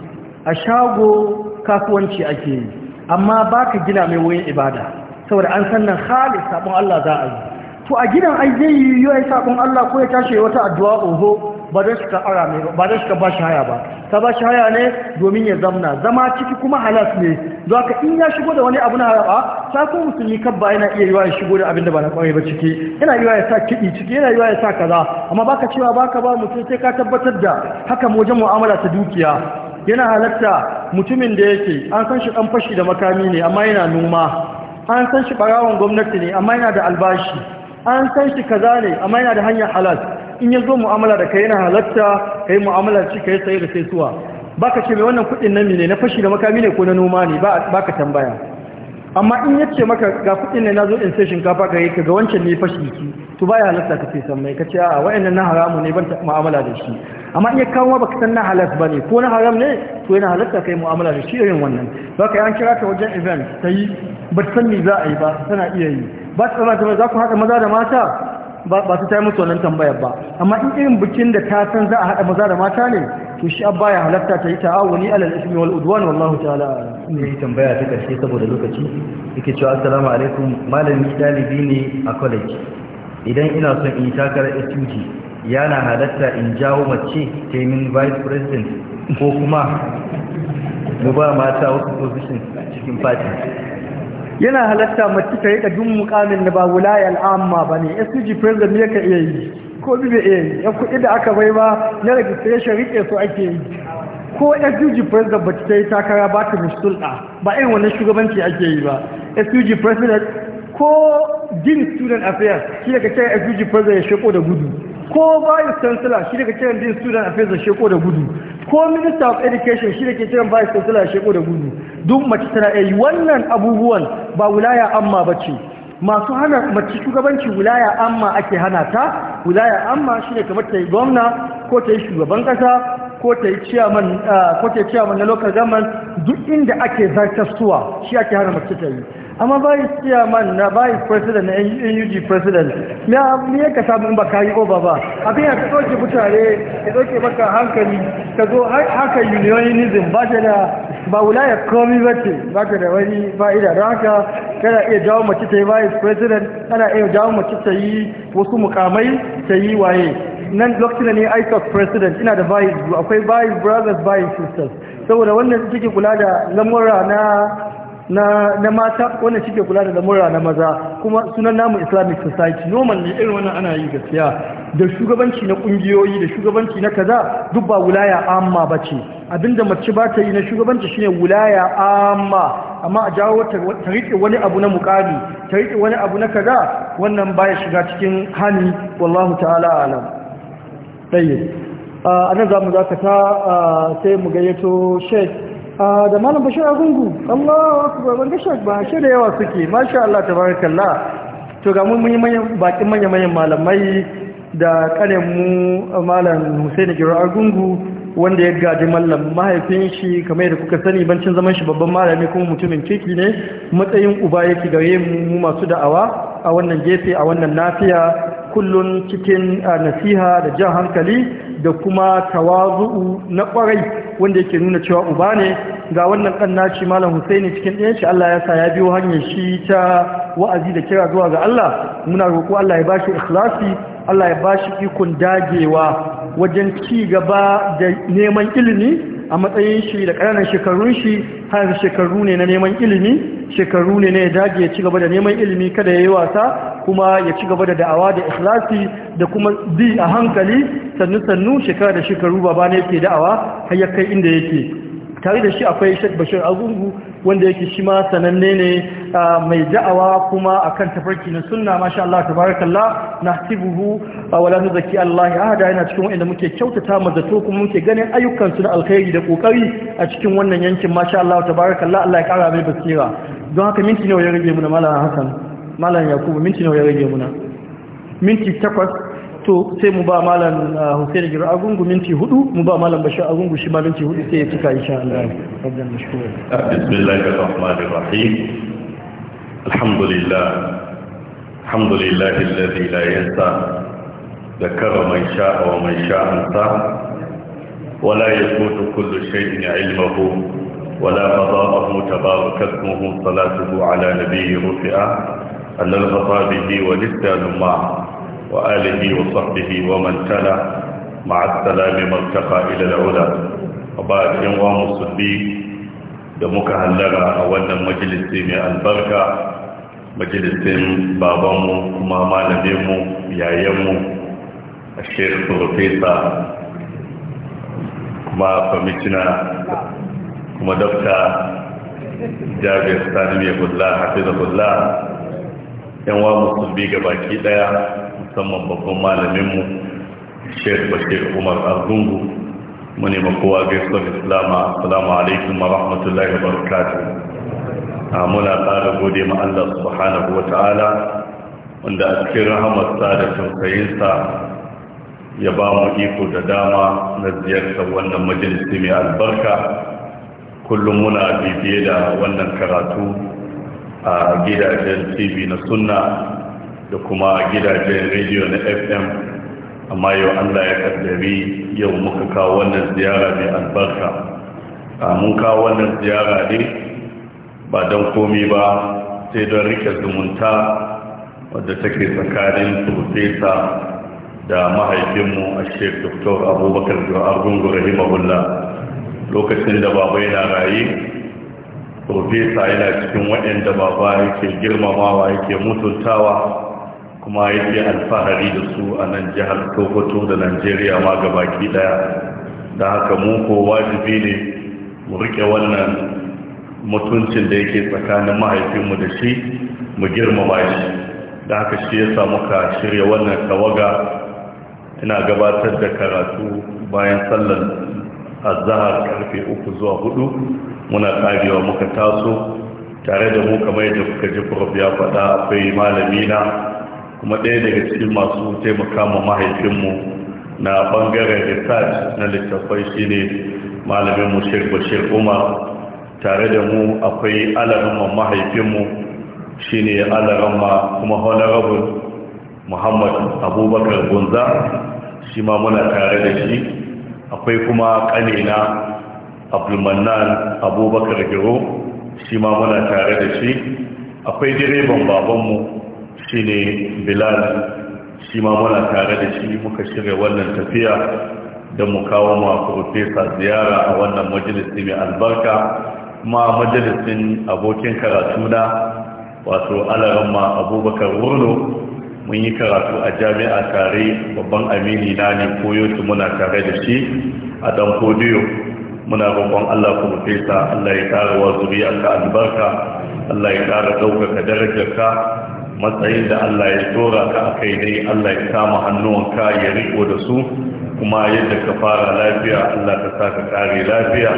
[SPEAKER 1] a shago kasuwanci ake yi amma ba ka gina mai wurin ibada saboda an sannan halin sabon Allah za a yi to a gidan ai zai yi yi sabon Allah ko ya tashi wata addu'a oho ba don suka ara mai ba don suka ba shi haya ba ta ba haya ne domin ya zamna zama ciki kuma halas ne za ka in ya shigo da wani abu na haraba ta kuma musulmi kabba yana iya yiwa ya shigo da abin da ba na kwaye ba ciki yana yiwa ya sa kiɗi ciki yana yiwa ya sa kaza amma baka cewa baka ba mutum sai ka tabbatar da haka wajen mu'amala ta dukiya yana halatta mutumin da yake an san shi dan fashi da makami ne amma yana noma an san shi barawon gwamnati ne amma yana da albashi an san shi kaza ne amma yana da hanyar halal in ya zo mu'amala da kai yana halatta kai mu'amala ci kai saye da sai suwa baka ce mai wannan kudin na ne na fashi da makami ne ko na noma ne ba baka tambaya amma in ya ce maka ga kudin ne na zo in sai shinkafa ga yake ga wancan ne fashi ki to baya halatta ka ce san mai ka ce a wa'annan na haramu ne ban mu'amala da shi amma in ya kawo baka san na ba bane ko na haram ne to yana halatta kai mu'amala da shi irin wannan baka an kira ka wajen event sai ba san me za a yi ba tana iya yi ba ta ba za ku haɗa maza da mata ba su ta musu wannan tambayar ba amma in irin bikin da ta san za a haɗa maza da mata ne to shi abba ya halatta ta yi ta'awuni alal ismi wal udwan wallahu ta'ala
[SPEAKER 3] ne tambaya ta karshe saboda lokaci yake cewa assalamu alaikum malami dalibi ne a college idan ina son in yi takarar SUG yana halatta in jawo mace ta min vice president ko kuma mu ba mata wasu position cikin party
[SPEAKER 1] yana halatta mace ta rika dun mukamin da ba wulayar al'amma ba ne sg president ya ka iya yi ko bi bai iya yi ya kuɗi da aka bai ba na registration rike su ake yi ko sg president ba ta yi takara ba ta mishulɗa ba irin wannan shugabanci ake yi ba sg president ko din student affairs shi da ka ce sg president ya shaƙo da gudu ko vice chancellor shi daga kiran din student affairs da sheko da gudu ko minister of education shi daga kiran vice chancellor sheko da gudu duk mace tana yi wannan abubuwan ba wilaya amma ba ce, masu hana mace shugabanci wilaya amma ake hana ta wilaya amma shi ne kamar ta yi gwamna ko ta yi shugaban kasa ko ta yi ciyaman ah, na local government duk inda ake zartastuwa, shi ake hana mace ta yi amma ba vice chairman na vice president na NUG president me ya ka samu in ba ka yi oba ba abin ya ka ɗauke mutane ya ɗauke maka hankali ka zo haka unionism ba ta da ba wulaya komi ba ce ba ta da wani fa'ida don haka kana iya jawo mace ta yi vice president kana iya jawo mace ta yi wasu mukamai ta yi waye nan lokacin da ice ISOC president ina da vice akwai vice brothers vice sisters saboda wannan suke kula da lamura na na mata wanda suke kula da lamura na maza kuma sunan namu islamic society Noman ne irin wannan ana yi gaskiya da shugabanci na kungiyoyi da shugabanci na kaza duk ba wulaya amma ce. abinda mace ba ta yi na shugabanci shine wulaya amma amma a jawo ta riƙe wani abu na muƙari, ta riƙe wani abu na kaza wannan baya shiga cikin hani wallahu ta'ala alam tayyib a nan za mu zakata sai mu gayyato sheikh da malam bashir a gungu allahu akbar ban gasha ba shi da yawa suke masha Allah tabarakallah to ga mun yi bakin manya manyan malamai da kanin mu malam Hussein Giro a wanda ya gaji mallam mahaifin shi kamar yadda kuka sani bancin zaman shi babban malami kuma mutumin kirki ne matsayin uba yake gare mu masu da'awa a wannan gefe a wannan nafiya kullum cikin nasiha da jan hankali da kuma tawazu'u na kwarai wanda yake nuna cewa uba ne ga wannan ɗan naci malam Husaini cikin ɗayan shi Allah ya sa ya biyo hanyar shi ta wa'azi da kira zuwa ga Allah muna roƙo Allah ya bashi ikhlasi Allah ya bashi ikon dagewa wajen ci gaba da neman ilimi a matsayin shi da ƙananan shekarun shi har shekaru ne na neman ilimi shekaru ne na ya dage ya ci gaba da neman ilimi kada ya yi wasa kuma ya ci gaba da da'awa da ikhlasi da kuma bi a hankali sannu sannu shekara da shekaru babana ne yake da'awa har ya kai inda yake tare da shi akwai shek Bashir Agungu wanda yake shi ma sananne ne mai da'awa kuma akan tafarki na sunna masha Allah tabarakallah nahtibuhu wa la nuzaki Allah ahada yana cikin wanda muke kyautata mu zato kuma muke ganin ayyukan su na alkhairi da kokari a cikin wannan yankin masha Allah tabarakallah Allah ya kara mai basira don haka minti nawa ya rage muna na malam Hassan malam Yakubu minti nawa ya rage muna? minti takwas to sai mu ba malam ah, Hussein Jira Agungu minti hudu mu ba malam Bashir Agungu shi ma minti hudu sai ya cika insha Allah rabbil mashkur
[SPEAKER 4] bismillahir alhamdulillah alhamdulillah alladhi la yansa ذكر من شاء ومن ولا تبارك اسمه صلاته على نبيه رفئه به ولسان معه وآله وصحبه ومن تلا مع السلام مرتقى إلى العلا وبعد إنوام مسلمي دمك هلغا أولا مجلس من البركة مجلس بابام ماما نبيم يا يم الشيخ بروفيسا ما فمتنا كما دكتا جابر ثاني يقول الله حفظه الله yanwa musulmi ga baki daya musamman babban malaminmu sheikh bashir umar arzungu mune makowa gaisuwar islama assalamu alaikum wa rahmatullahi wa barakatuh muna tsara gode ma Allah subhanahu wa ta'ala wanda a cikin rahamarsa da tausayinsa ya ba mu iko da dama na ziyartar wannan majalisi mai albarka kullum muna bibiye da wannan karatu a gidajen tv na sunna da kuma gidajen rediyo na fm amma yau allah ya kaddari yau muka kawo wannan ziyara mai albarka A mun kawo wannan ziyara ne ba don komi ba sai don rike zumunta wadda take tsakanin profesa da mahaifinmu a shek dr abubakar zuwa gungun rahimahullah lokacin da baba yana raye profesa yana cikin waɗanda baba yake girmamawa yake mutuntawa kuma yake alfahari da su a nan jihar sokoto da najeriya ma gabaki daya da haka mu ko wajibi ne mu rike wannan mutuncin da yake tsakanin mahaifinmu da shi mu girmama shi da haka shi ya samu ka shirya wannan tawaga ina gabatar da karatu bayan sallar azahar karfe uku zuwa hudu muna karewa muka taso tare da mu kamar yadda kuka ji prof ya faɗa akwai na. kuma ɗaya daga cikin masu taimaka ma mahaifinmu na ɓangaren research na littattafai shine malamin mu Bashir Umar tare da mu akwai alaramman mahaifinmu shine alaramma kuma honorable Muhammad Abubakar Gunza shi ma muna tare da shi akwai kuma ƙanina Abdulmanan Abubakar Giro shi ma muna tare da shi akwai direban babanmu shine bilal shi ma muna tare da shi muka shirya wannan tafiya da mu kawo ma profesa ziyara a wannan majalisi mai albarka ma majalisin abokin karatu na wato alarama abubakar wurno mun yi karatu a jami'a tare babban amini na ne su muna tare da shi a dan kodiyo muna babban Allah ku Allah ya ƙara wa ka albarka Allah ya ƙara ɗaukaka darajarka matsayin da Allah ya tsora ka a kai dai Allah ya kama hannuwanka ya riko da su kuma yadda ka fara lafiya Allah ka sa ka kare lafiya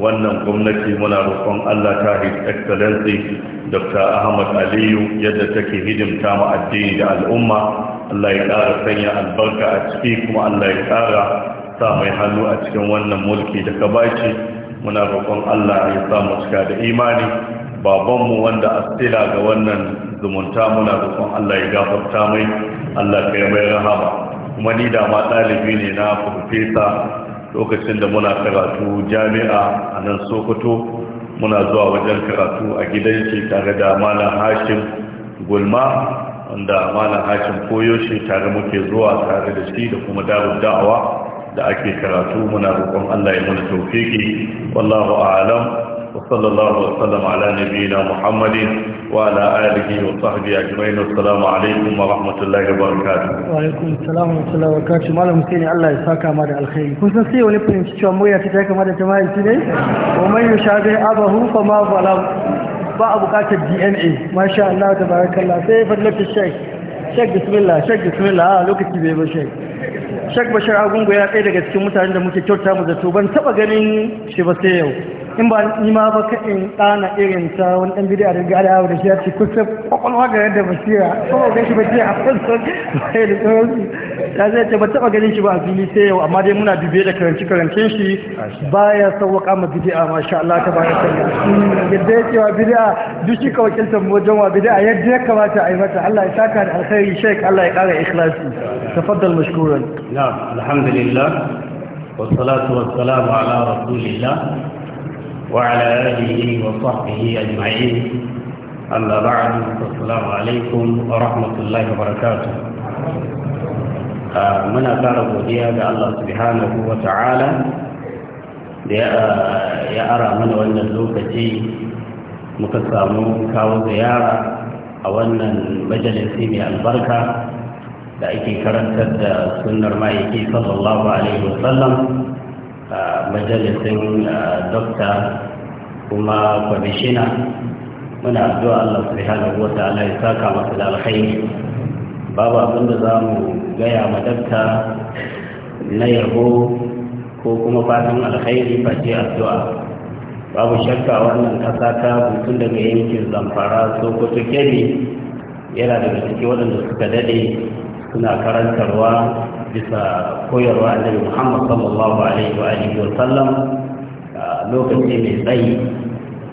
[SPEAKER 4] wannan gwamnati muna roƙon Allah ta his excellency Dr. Ahmad Aliyu yadda take hidimta mu addini da al'umma Allah ya ƙara sanya albarka a ciki kuma Allah ya ƙara sa mai hannu a cikin wannan mulki da ka baci muna roƙon Allah ya sa mu cika da imani babanmu wanda asila ga wannan zumunta muna roƙon Allah ya gafarta mai Allah ya mai rahama kuma ni da ma ɗalibi ne na farfesa lokacin da muna karatu jami'a a nan Sokoto muna zuwa wajen karatu a gidan shi tare da malam Hashim Gulma wanda malam Hashim koyo shi tare muke zuwa tare da shi da kuma darul da'awa da ake karatu muna roƙon Allah ya mana tawfiki wallahu a'lam وصلى الله وسلم على نبينا محمد وعلى آله وصحبه أجمعين والسلام عليكم ورحمة الله وبركاته
[SPEAKER 1] وعليكم السلام ورحمة الله وبركاته مالهم سيني الله يساك مدى الخير كنت نسيه ونبني مشتوى مويا تتاك مدى تمايل سيني ومن يشابه أبه فما ظلم ba a bukatar dna masha Allah da barakallah sai fadlatar shek shek bismillah shek bismillah a lokaci bai ba shek shek bashar agungu ya tsaye daga cikin mutanen da muke kyauta mu zato ban taba ganin shi ba sai yau in ba ni ma ba ka in tsana irin ta wani dan bidiya da gada da shi ya ce kusa kwakwalwa ga yadda basira ko ga shi bace a fasa sai da tsoron ta zai ce ba taba ganin shi ba a fili sai yau amma dai muna bibiye da karanci karancin shi baya sauwaka ma bidiya masha Allah ta baya sanya yadda ya cewa bidiya duk shi ka wakiltar wajen wa bidiya yadda ya kamata a yi mata Allah ya saka da alkhairi shek Allah ya kara ikhlasi tafaddal mashkuran
[SPEAKER 5] na alhamdulillah والصلاة والسلام على رسول الله وعلى آله وصحبه أجمعين أما بعد السلام عليكم ورحمة الله وبركاته muna ƙara godiya ga Allah subhanahu wa ta'ala da ya ara mana wannan lokaci muka samu kawo ziyara a wannan majalisi mai albarka da ake karantar da sunnar ma'aiki alaihi majalisin dokta kuma kwamishina muna addu'a Allah subhanahu wata ta'ala ya saka masa da alkhairi babu abin da za mu gaya ma na yabo ko kuma fatan alkhairi face addu'a babu shakka wannan kasa ta hutun daga yankin zamfara sokoto kebe yana daga cikin waɗanda suka dade suna karantarwa bisa koyarwa annabi Muhammad sallallahu alaihi wa alihi wa sallam mai tsayi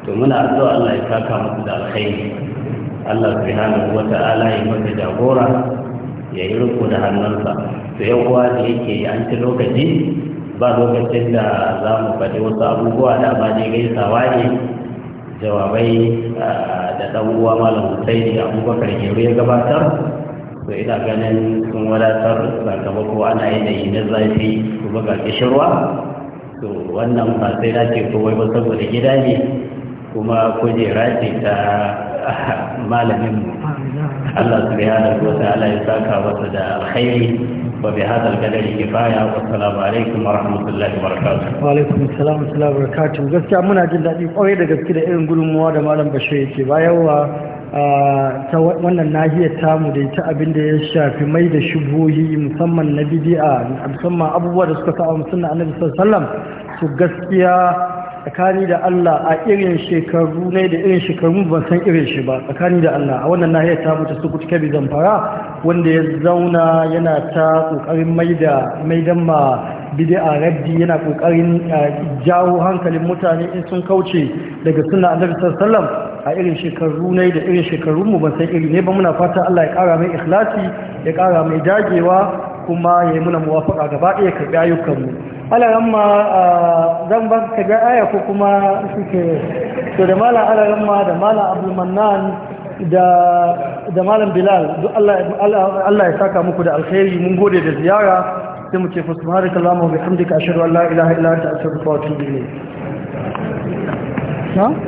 [SPEAKER 5] to muna addu'a Allah ya saka muku da alkhairi Allah subhanahu wa ta'ala ya maka jagora ya yi riko da hannunsa to yan uwa da yake an ci lokaci ba lokacin da za mu faɗi wasu abubuwa da ba dai gaisawa ne jawabai da ɗan uwa malam Husaini Abubakar Gero ya gabatar to ina ganin sun wadatar sakamako ana yanayi na zafi kuma ga kishirwa to wannan ba sai na ce kowai ba saboda gida ne kuma kujera ce ta malamin mu Allah kuwa sai Allah ya saka wasu da alkhairi wa bi hadal al-qadari kifaya wa assalamu alaikum wa rahmatullahi wa barakatuh
[SPEAKER 3] wa alaikum salamu wa wa
[SPEAKER 1] barakatuh gaskiya muna jin daɗi kwarai da gaske da irin gudunmuwa da malam Bashir yake bayarwa ta wannan nahiyar tamu da ta abin da ya shafi mai da shubuhi musamman na bidi'a musamman abubuwa da suka sa'a musamman annabi sallallahu alaihi wasallam su gaskiya tsakani da Allah a irin shekaru ne da irin shekaru ban san irin shi ba tsakani da Allah a wannan nahiyar ta mutu su kuta bi zamfara wanda ya zauna yana ta kokarin maida maidan ma bid'a raddi yana kokarin jawo hankalin mutane in sun kauce daga sunna annabi sallallahu a irin shekaru ne da irin shekaru mu ban san iri ne ba muna fata Allah ya kara mai ikhlasi ya kara mai dagewa kuma ya yi muna muwafaka gaba ɗaya ka ga ayyukanmu alaran ma zan ban ka ga aya ko kuma suke to da malam alaran ma da malam abdulmannan da malam bilal duk Allah ya saka muku da alkhairi mun gode da ziyara sai mu ce fa subhanaka allahumma wa bihamdika ashhadu an la ilaha illa anta astaghfiruka wa atubu ilayk